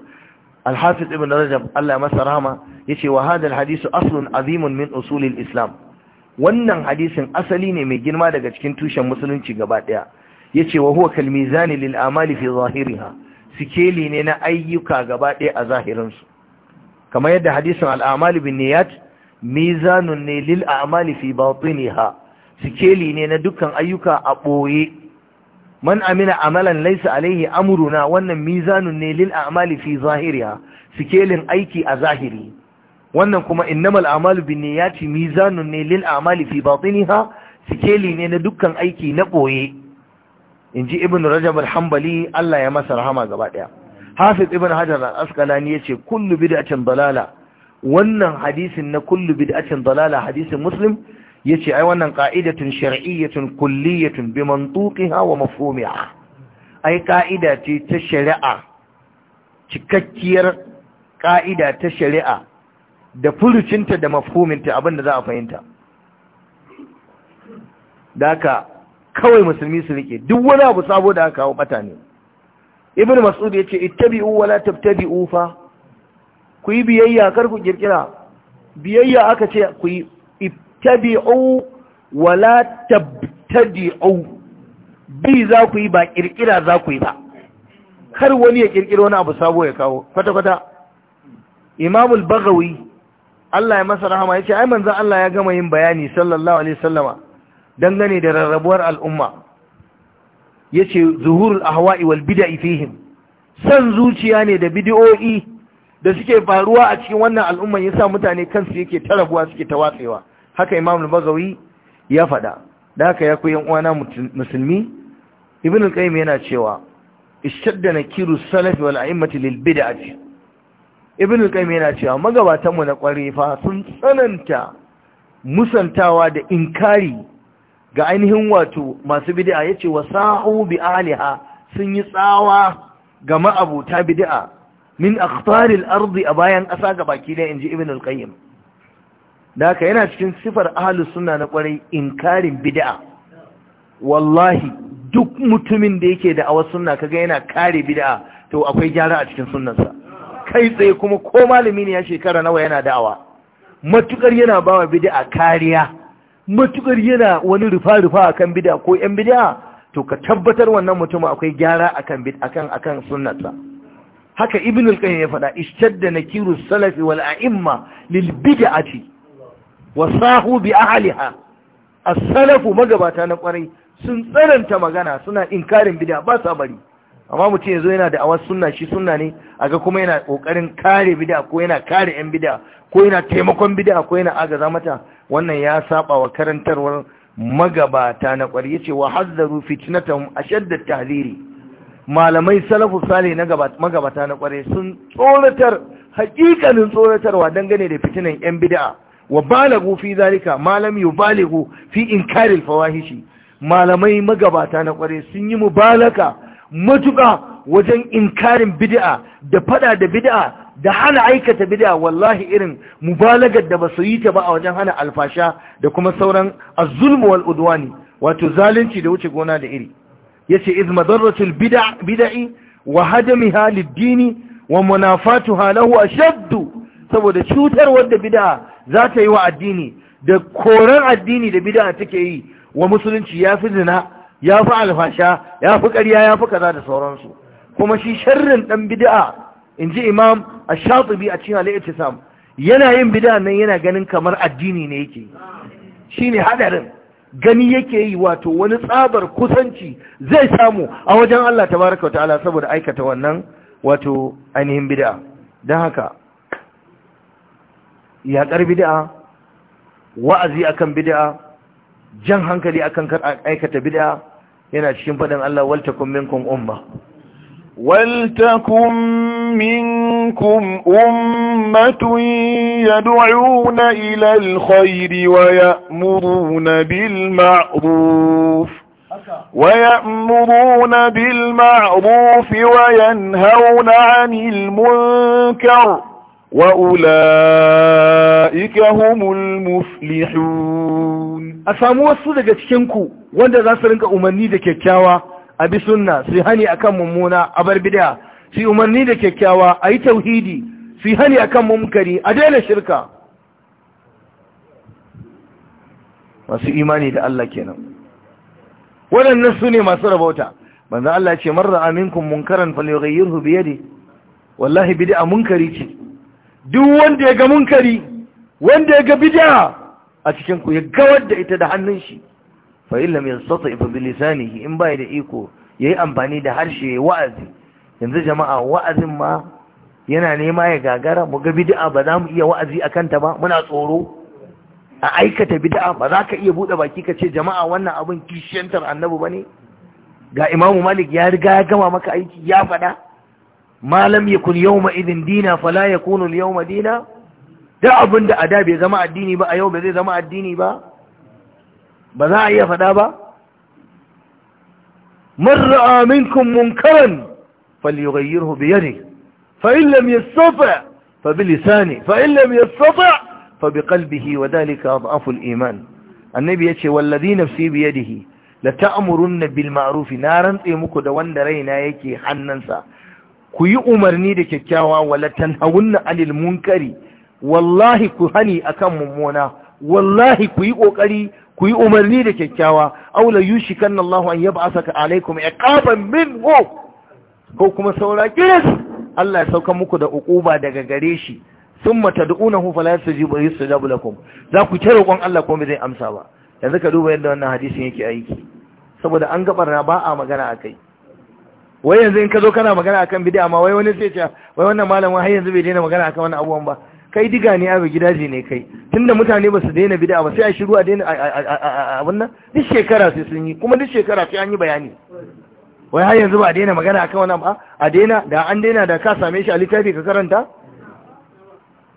al ibnu rajab Allah ya masa rahama yace wa hadha al-hadisu aslun azimun min usulil islam wannan hadisin asali ne mai girma daga cikin tushen musulunci gaba daya yace wa huwa kal mizani lil amali fi zahiriha sikeli ne na ayyuka gaba ɗaya a zahirin su kamar yadda hadisin al amali bin niyyat mizanun ne lil amali fi batiniha sikeli ne na dukkan ayyuka a boye man amina amalan laysa alaihi amruna wannan mizanun ne lil amali fi zahiriha sikelin aiki a zahiri wannan kuma innamal a'malu binniyati mizanun ne lil a'mali fi batiniha sikeli ne na dukkan aiki na boye in ji ibn rajab al-hanbali Allah ya masa rahama gaba daya hafiz ibn hajar al-asqalani yace kullu bid'atin dalala wannan hadisin na kullu bid'atin dalala hadisin muslim yace ai wannan qa'idatun shar'iyyatun kulliyyatun bi mantuqiha wa mafhumiha ai ƙa'ida ce ta shari'a cikakkiyar ka'ida ta shari'a da furucinta da mafhuminta abinda za a fahimta daka kawai musulmi su rike duk wani abu sabo da aka kawo bata ne ibn mas'ud ya ce ittabi'u wala tabtadi'u fa ku yi biyayya kar ku kirkira biyayya aka ce ku yi ittabi'u wala tabtadi'u bi za ku yi ba kirkira za ku yi ba kar wani ya kirkira wani abu sabo ya kawo kwata kwata imamul bagawi Allah ya masa rahama ya ce ai manzon Allah ya gama yin bayani sallallahu alaihi wasallama dangane da rarrabuwar al'umma ya yace zuhurul ahwa'i wal bid'i fihim san zuciya ne da bidiyo'i da suke faruwa a cikin wannan al'umman sa mutane kansu yake tarabuwa suke ta watsewa haka imam al ya faɗa da haka ya koyan uwana musulmi ibn al-qayyim yana cewa ishadda Kiru salafi wal a'immati lil bid'ati ibn al-qayyim yana cewa magabatanmu na kware sun tsananta musantawa da inkari ga ainihin wato masu bid'a yace sa'u bi aliha sun yi tsawa ga ma'abuta bid'a min akhtaril ardi a bayan ƙasa ga baki da inji ibn al-qayyim da yana cikin sifar ahlus sunna na kwarai karin bid'a wallahi duk mutumin da yake da awa sunna kaga yana kare bid'a to akwai gyara a cikin sunnansa kai tsaye kuma ko malami ne ya shekara nawa yana da'awa matukar yana bawa bid'a kariya matukar yana wani rufa-rufa akan bid'a ko yan bid'a to ka tabbatar wannan mutum akwai gyara akan akan akan sunnarsa haka ibn al ya faɗa na nakiru salafi wal a'imma lil bid'ati wa sahu bi ahliha a salafu magabata na kwarai sun tsananta magana suna inkarin bid'a ba sa bari amma mutum yazo yana da awar sunna shi sunna ne A ga kuma yana ƙoƙarin kare bid'a ko yana kare yan bid'a ko yana taimakon bid'a ko yana agaza mata wannan ya saba wa karantarwar magabata na ya yace wa hazzaru fitnatahum ashadda tahiri malamai salafu sale na magabata na ƙwari sun tsoratar hakikanin tsoratarwa dangane da fitinan yan bid'a wa balagu fi zalika malam balagu fi inkaril fawahishi malamai magabata na ƙwari sun yi mubalaka matuƙa wajen inkarin bid'a da fada da bid'a da hana aikata bid'a wallahi irin mubalagar da ba su yi ta ba a wajen hana alfasha da kuma sauran azulmu wal udwani wato zalunci da wuce gona da iri yace iz madarratul bid'a bid'i wa hadamiha lid-dini wa munafatuha lahu ashaddu saboda cutar wadda bid'a za ta yi wa addini da koran addini da bid'a take yi wa musulunci ya fi zina ya fi alfasha ya fi ƙarya ya fi kaza da sauransu kuma shi sharrin ɗan bid'a in ji imam a shatubi a cikin sam, yana yin bid'a nan yana ganin kamar addini ne yake shi ne haɗarin gani yake yi wato wani tsabar kusanci zai samu a wajen Allah baraka wa ta'ala saboda aikata wannan wato ainihin bid'a don haka yaƙar bid'a wa'azi akan bid'a jan hankali akan aikata bid'a yana cikin faɗin Allah waltakum minkum umma ولتكن منكم أمة يدعون إلى الخير bil ma'ruf ويأمرون بالمعروف وينهون عن المنكر wa’ula’ika humul muflihun. A samu wasu daga cikinku wanda za su rinka umarni da kyakkyawa a bi sunna su hani a kan mummuna a barbida, su umarni da kyakkyawa a yi tauhidi su hani a kan mummukari a daina shirka. Masu imani da Allah ke Waɗannan su ne masu rabauta, banza Allah ce, "Marra aminkun munkaran falogayyar hu biyade, wallahi bide a munkari ce." duk wanda ya ga munkari wanda ya ga bid'a a cikin ku ya gawar da ita da hannun shi fa illam yastati fa bi lisanihi in bai da iko yayi amfani da harshe wa'azi yanzu jama'a wa'azin ma yana nema ya gagara mu ga bid'a ba za mu iya wa'azi akan ta ba muna tsoro a aikata bid'a ba za ka iya bude baki ka ce jama'a wannan abin kishiyantar annabi bane ga imamu malik ya riga ya gama maka aiki ya faɗa ما لم يكن يوم إذن دينا فلا يكون اليوم دينا ده أبن ده أداب يزماء الديني بقى يوم يزي زماء الديني بقى بذا فدابا من رأى منكم منكرا فليغيره بيده فإن لم يستطع فبلسانه فإن لم يستطع فبقلبه وذلك أضعف الإيمان النبي يتشي والذي نفسي بيده لتأمرن بالمعروف نارا إمكو دواند رينا يكي حننسا ku yi umarni da kyakkyawa wala hawunna anil munkari wallahi ku hani akan mummuna wallahi ku yi kokari ku yi umarni da kyakkyawa aw la yushikanna Allahu an yab'asaka alaykum iqaban minhu ko kuma saura kiris Allah ya sauka muku da uquba daga gare shi summa tad'unahu fala yastajibu yastajibu lakum za ku ta kon Allah ko zai amsa ba yanzu ka duba yadda wannan hadisin yake aiki saboda an gabar na ba a magana akai wai yanzu in ka zo kana magana akan bidi ma wai wani sai ce wai wannan malamin har yanzu bai daina magana akan wani abubuwan ba kai diga ne abu gidaje ne kai tunda mutane ba su daina bidi ba sai a shiru a daina abin nan duk shekara sai sun yi kuma duk shekara sai an yi bayani wai har yanzu ba a daina magana akan wani ba a daina da an daina da ka same shi a littafi ka karanta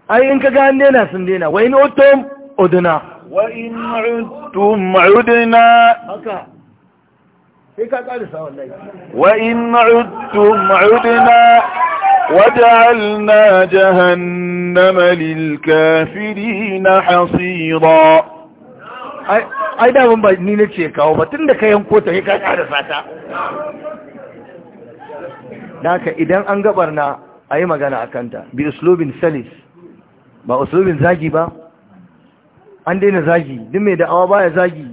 ai in ka ga an daina sun daina wai ni otom oduna wa in udtum udna haka sai ka karisa وجعلنا جهنم للكافرين حصيرا ai da ban ba ni na ce kawo ba tun da ka yanko ta ka kada sata naka idan an gabar na a yi magana a kanta bi ba zagi ba an daina zagi duk mai da'awa baya zagi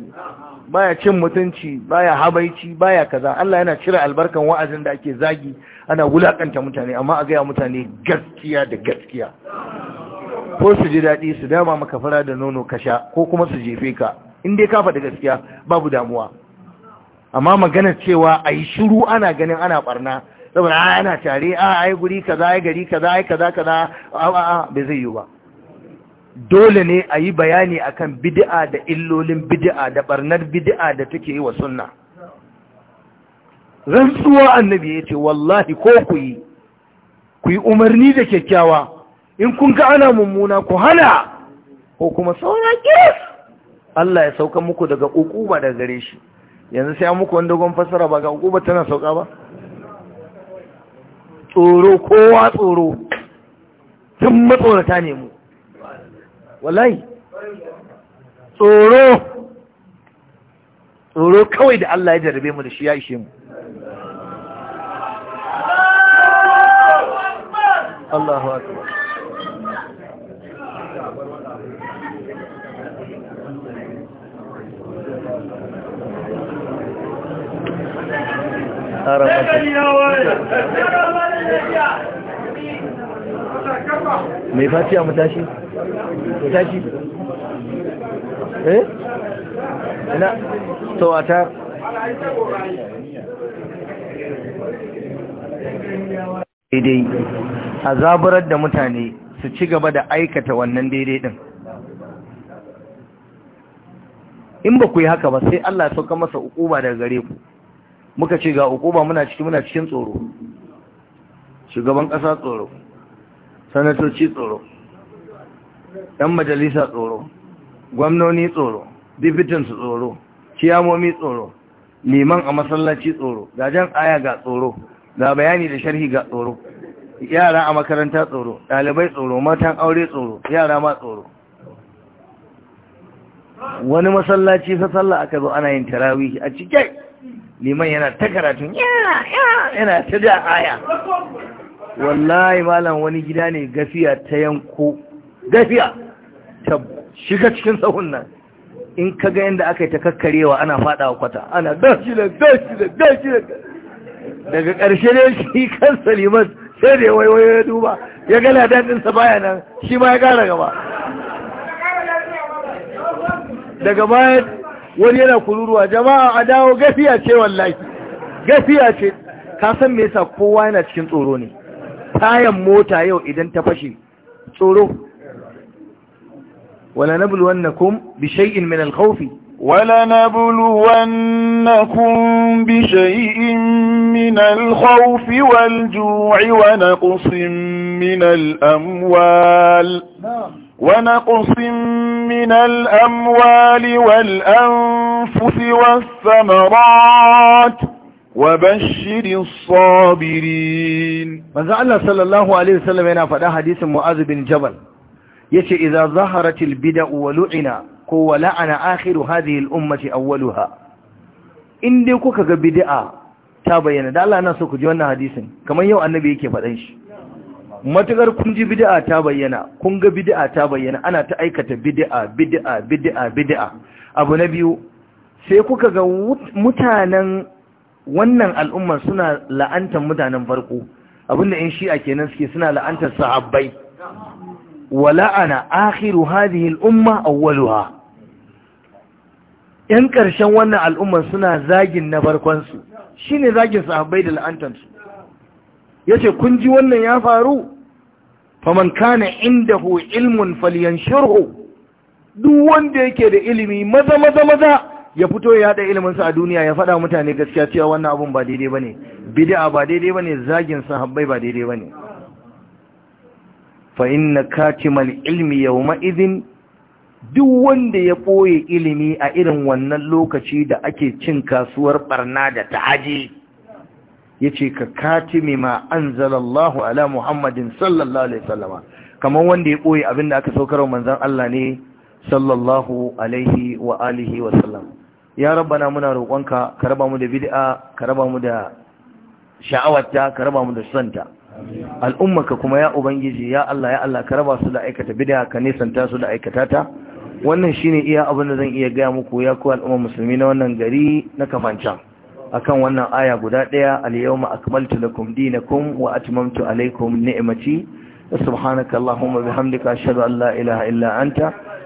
baya cin mutunci baya habaici baya kaza Allah yana cire albarkan wa'azin da ake zagi ana wulakanta mutane amma a gaya mutane gaskiya da gaskiya ko su ji daɗi su dama maka fara da nono ka sha ko kuma su jefe ka in dai ka faɗa gaskiya babu damuwa amma magana cewa a yi shiru ana ganin ana barna saboda ah, ana tare a ah, ai guri kaza ai gari kaza ai kaza kaza a ah, bai zai yi ba dole ne a yi bayani a kan bidi'a da illolin bidi'a da barnar bidi'a da take yi wa sunna rantsuwa annabi ya ce wallahi ko ku yi ku yi umarni da kyakkyawa in kun ga ana mummuna ku hana ko kuma sauran kis Allah ya sauka muku daga ukuba da gare shi yanzu sai muku wanda gwan fasara ba ga ukuba tana sauka ba tsoro kowa tsoro tun matsorata ne mu wallahi tsoro tsoro kawai da Allah ya jarabe mu da shi ya ishe mu Allahu akbar mai fatiya mu tashi mu tashi eh ina to a ta daidai a zaburar da mutane su ci gaba da aikata wannan daidai din in ba ku yi haka ba sai Allah sauka masa ukuba daga gare ku muka ce ga ukuba muna cikin muna cikin tsoro shugaban ƙasa tsoro sanatoci tsoro ɗan majalisa tsoro gwamnoni tsoro dibitinsu tsoro ciyamomi tsoro liman a masallaci tsoro ga jan aya ga tsoro ga bayani da sharhi ga tsoro yara a makaranta tsoro ɗalibai tsoro matan aure tsoro yara ma tsoro wani masallaci ta sallah aka zo ana yin tarawi a cikin liman yana ta karatun yana ta da aya wallahi malam wani gida ne gafiya ta yanko gafiya ta shiga cikin tsawon nan in ka ga yadda aka yi ta kakkarewa ana faɗawa kwata ana dashi da dashi da dashi da daga ƙarshe ne shi kan salimas sai da ya waiwayo ya duba ya gana daɗinsa baya nan shi ma ya ƙara gaba daga baya wani yana kururuwa jama'a a dawo gafiya ce wallahi gafiya ce ka san me yasa kowa yana cikin tsoro ne tayan mota yau idan ta fashe tsoro wala nabluwannakum bi shay'in min al-khawfi ولنبلونكم بشيء من الخوف والجوع ونقص من الأموال ونقص من الأموال والأنفس والثمرات wa bashirin sabirin manzo Allah sallallahu alaihi wasallam yana faɗa hadisin Mu'adh bin Jabal yace idza zaharatil bid'u wa lu'ina ko wa la'ana akhiru hadhihi al-ummati awwaluha in dai kuka ga bid'a ta bayyana da Allah na so ku ji wannan hadisin kamar yau annabi yake faɗan shi matukar kun ji bid'a ta bayyana kun ga bid'a ta bayyana ana ta aikata bid'a bid'a bid'a bid'a abu na biyu sai kuka ga mutanen wannan al'ummar suna la'antar mutanen farko abinda in shi'a kenan suke suna la'antar sahabbai wa la'ana akhiru hadhihi al'umma awwaluha yan karshen wannan al'ummar suna zagin na farkon su shine zagin sahabbai da la'antar su yace kun ji wannan ya faru faman kana indahu ilmun falyanshurhu duk wanda yake da ilimi maza maza maza ya fito ya da ilimin sa a duniya ya faɗa mutane gaskiya cewa wannan abun ba daidai bane bid'a ba daidai bane zagin sahabbai ba daidai bane fa inna katimal ilmi yawma idhin duk wanda ya boye ilimi a irin wannan lokaci da ake cin kasuwar barna da ta'aji ya ce ka katimi ma anzalallahu ala muhammadin sallallahu alaihi sallama kamar wanda ya boye abinda aka saukar manzon Allah ne sallallahu alaihi wa alihi wa sallam ya rabbana muna roƙonka ka raba mu da bid'a ka raba mu da sha'awata, ka raba mu da santa al'ummaka kuma ya ubangiji ya Allah ya Allah ka raba su da aikata bid'a ka nisanta su da aikata ta wannan shine iya abin da zan iya gaya muku ya ku al'umma musulmi na wannan gari na kafancan akan wannan aya guda daya al-yawma akmaltu lakum dinakum wa atmamtu alaykum ni'mati subhanaka allahumma bihamdika ashhadu an la ilaha illa anta